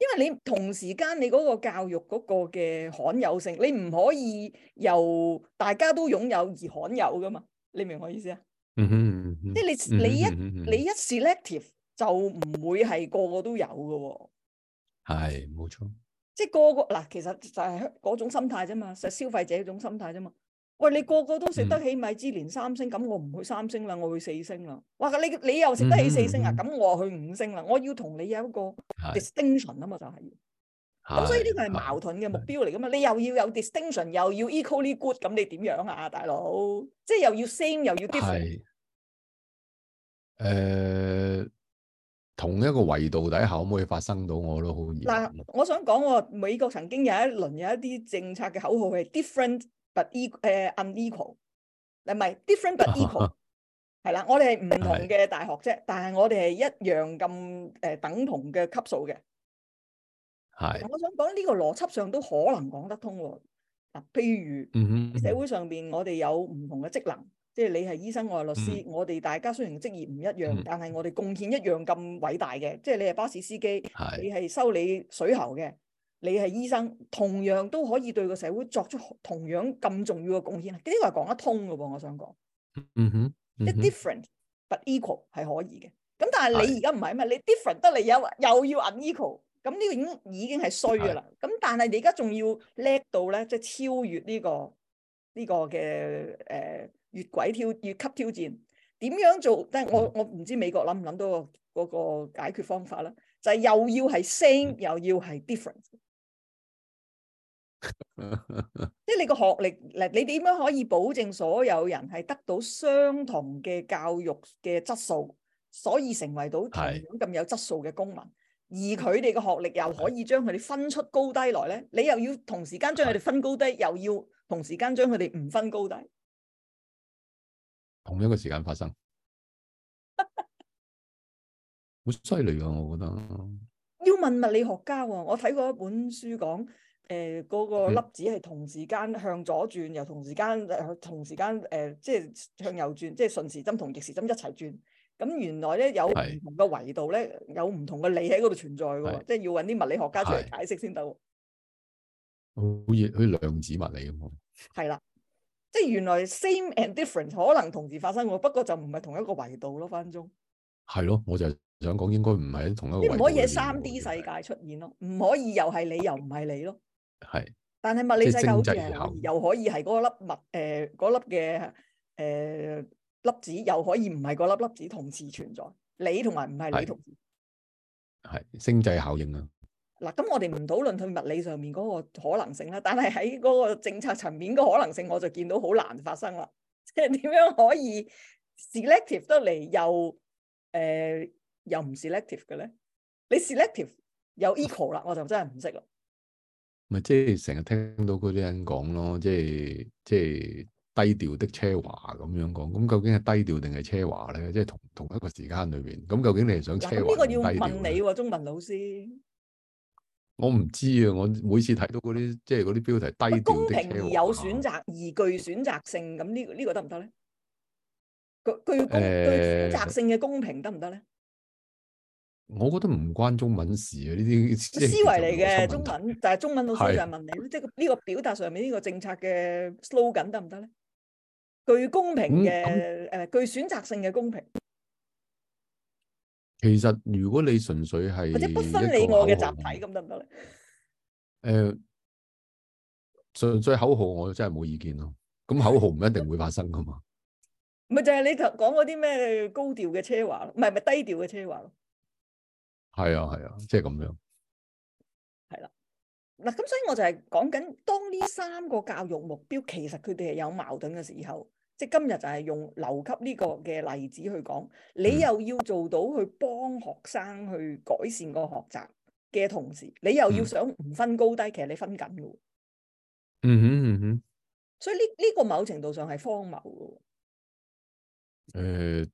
因為你同時間你嗰個教育嗰個嘅罕有性，你唔可以由大家都擁有而罕有噶嘛？你明我意思啊？嗯嗯、即係你你一你一 selective 就唔會係個個都有噶喎、哦。係冇錯。即係個個嗱，其實就係嗰種心態啫嘛，就係、消費者嗰種心態啫嘛。喂，你個個都食得起米芝蓮三星，咁、嗯、我唔去三星啦，我去四星啦。哇，你你又食得起四星啊？咁、嗯嗯嗯嗯嗯、我去五星啦。我要同你有一個 distinction 啊嘛是，就係。咁是所以呢個係矛盾嘅目標嚟噶嘛？是你又要有 distinction，又要 equally good 咁你點樣啊，大佬？即係又要 same，又要 different。係。誒，同一個維度底下可唔可以發生到？我都好易。嗱，我想講喎，美國曾經有一輪有一啲政策嘅口號係 different。e q u、uh, a 唔 equal，唔、uh, 係，different but equal，係、oh. 啦，我哋係唔同嘅大學啫， 但係我哋係一樣咁誒、呃、等同嘅級數嘅。係。 我想講呢個邏輯上都可能講得通喎。譬如社會上邊我哋有唔同嘅職能，即係你係醫生，我係律師， 我哋大家雖然職業唔一樣， 但係我哋貢獻一樣咁偉大嘅。即係你係巴士司機，你係修理水喉嘅。 你係醫生，同樣都可以對個社會作出同樣咁重要嘅貢獻，呢個係講得通嘅喎。我想講，嗯，嗯哼，即係 different but equal 係可以嘅。咁但係你而家唔係啊嘛，的你 different 得嚟又又要 unequal，咁呢個已經已經係衰嘅啦。咁的但係你而家仲要叻到咧，即、就、係、是、超越呢、這個呢、這個嘅誒、呃、越軌挑越級挑戰，點樣做？但係我我唔知美國諗唔諗到個嗰解決方法啦，就係、是、又要係 same 又要係 different。 即係你個學歷，你點樣可以保證所有人係得到相同嘅教育嘅質素，所以成為到同樣咁有質素嘅公民，而佢哋個學歷又可以將佢哋分出高低來咧？你又要同時間將佢哋分高低，又要同時間將佢哋唔分高低，同一個時間發生，好犀利啊，我覺得。要問物理學家，我睇過一本書講。誒嗰、呃那個粒子係同時間向左轉，又同時間誒、呃、同時間誒、呃，即係向右轉，即係順時針同逆時針一齊轉。咁原來咧有唔同嘅維度咧，是有唔同嘅理喺嗰度存在喎，是即係要揾啲物理學家出嚟解釋先得。好似，好似量子物理咁喎。係啦，即係原來 same and different 可能同時發生喎，不過就唔係同一個維度咯，分鐘係咯。我就想講，應該唔係同一個。你唔可以喺三 D 世界出現咯，唔可以又係你又唔係你咯。係，是但係物理世界好似又可以係嗰粒物，誒、呃，粒、那、嘅、個，誒、呃，粒子又可以唔係嗰粒粒子同時存在，你同埋唔係你同時，係星際效應啊。嗱，咁我哋唔討論佢物理上面嗰個可能性啦，但係喺嗰個政策層面嘅可能性，我就見到好難發生啦。即係點樣可以 selective 得嚟，呃，又誒，又唔 selective 嘅咧？你 selective 有 equal 啦，我就真係唔識啦。咪即係成日聽到嗰啲人講咯，即係即係低調的奢華咁樣講。咁究竟係低調定係奢華咧？即係同同一個時間裏邊，咁究竟你係想奢華定低調咧？呢個要問你喎，中文老師。我唔知啊！我每次睇到嗰啲即係嗰啲標題，低調的奢華。公平而有選擇，而具選擇性，咁呢呢個得唔得咧？具具具選擇性嘅公平得唔得咧？我覺得唔關中文事啊！呢啲思維嚟嘅中文，但係中文老師就問你，是即係呢個表達上面呢個政策嘅 slogan 緊得唔得咧？具公平嘅誒，具、嗯嗯、選擇性嘅公平。其實如果你純粹係或者不分你我嘅集體咁得唔得咧？誒、呃，純粹口號我真係冇意見咯。咁口號唔一定會發生噶嘛？咪就係你頭講嗰啲咩高調嘅奢華，唔係咪低調嘅奢華咯？係啊，係啊，即係咁樣。係啦、啊，嗱，咁所以我就係講緊，當呢三個教育目標其實佢哋係有矛盾嘅時候，即係今日就係用留級呢個嘅例子去講，你又要做到去幫學生去改善個學習嘅同時，你又要想唔分高低，其實你分緊嘅。嗯哼，嗯哼。所以呢呢、這個某程度上係荒謬嘅。誒、嗯，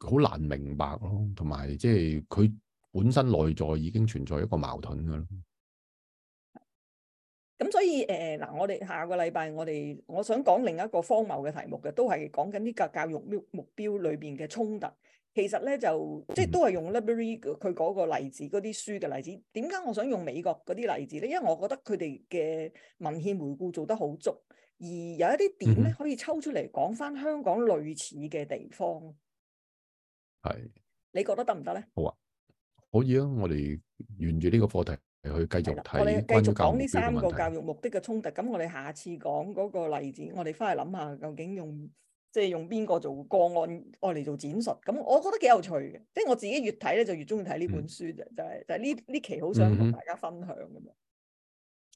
好難明白咯，同埋即係佢。本身內在已經存在一個矛盾噶啦，咁所以誒嗱、呃，我哋下個禮拜我哋我想講另一個荒謬嘅題目嘅，都係講緊呢個教教育目標裏邊嘅衝突。其實咧就即係都係用 library 佢嗰個例子，嗰啲書嘅例子。點解我想用美國嗰啲例子咧？因為我覺得佢哋嘅文獻回顧做得好足，而有一啲點咧可以抽出嚟講翻香港類似嘅地方。係、嗯、你覺得得唔得咧？好啊。可以啊！我哋沿住呢個課題嚟去繼續睇關於教育嘅問題。我哋繼續講呢三個教育目的嘅衝突，咁我哋下次講嗰個例子，我哋翻去諗下究竟用即係用邊個做個案嚟做展述。咁我覺得幾有趣嘅，即係我自己越睇咧就越中意睇呢本書啫，嗯就是，就係就係呢呢期好想同大家分享咁樣，嗯。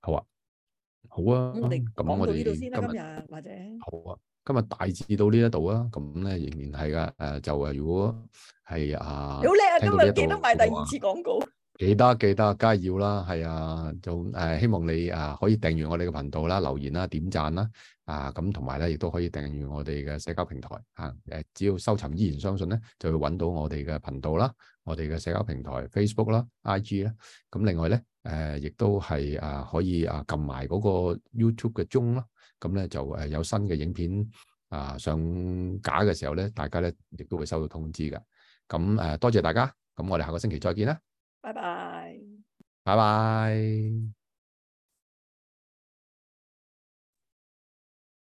好啊，好啊，咁我哋講到呢度先啦，今日或者好啊。今日大致到呢一度啦。咁咧仍然係噶，誒、呃、就誒如果係、呃、啊，好叻啊！今日見到埋第二次廣告，記得記得梗係要啦，係啊，就誒、呃、希望你啊可以訂閱我哋嘅頻道啦、留言啦、點贊啦，啊咁同埋咧亦都可以訂閱我哋嘅社交平台啊，誒只要搜尋伊研相信咧，就會揾到我哋嘅頻道啦、我哋嘅社交平台 Facebook 啦、IG 啦。咁、啊、另外咧誒亦都係啊可以啊撳埋嗰個 YouTube 嘅鐘咯。咁咧就誒有新嘅影片啊上架嘅時候咧，大家咧亦都會收到通知㗎。咁誒、啊、多謝大家，咁我哋下個星期再見啦。拜拜 bye，拜拜。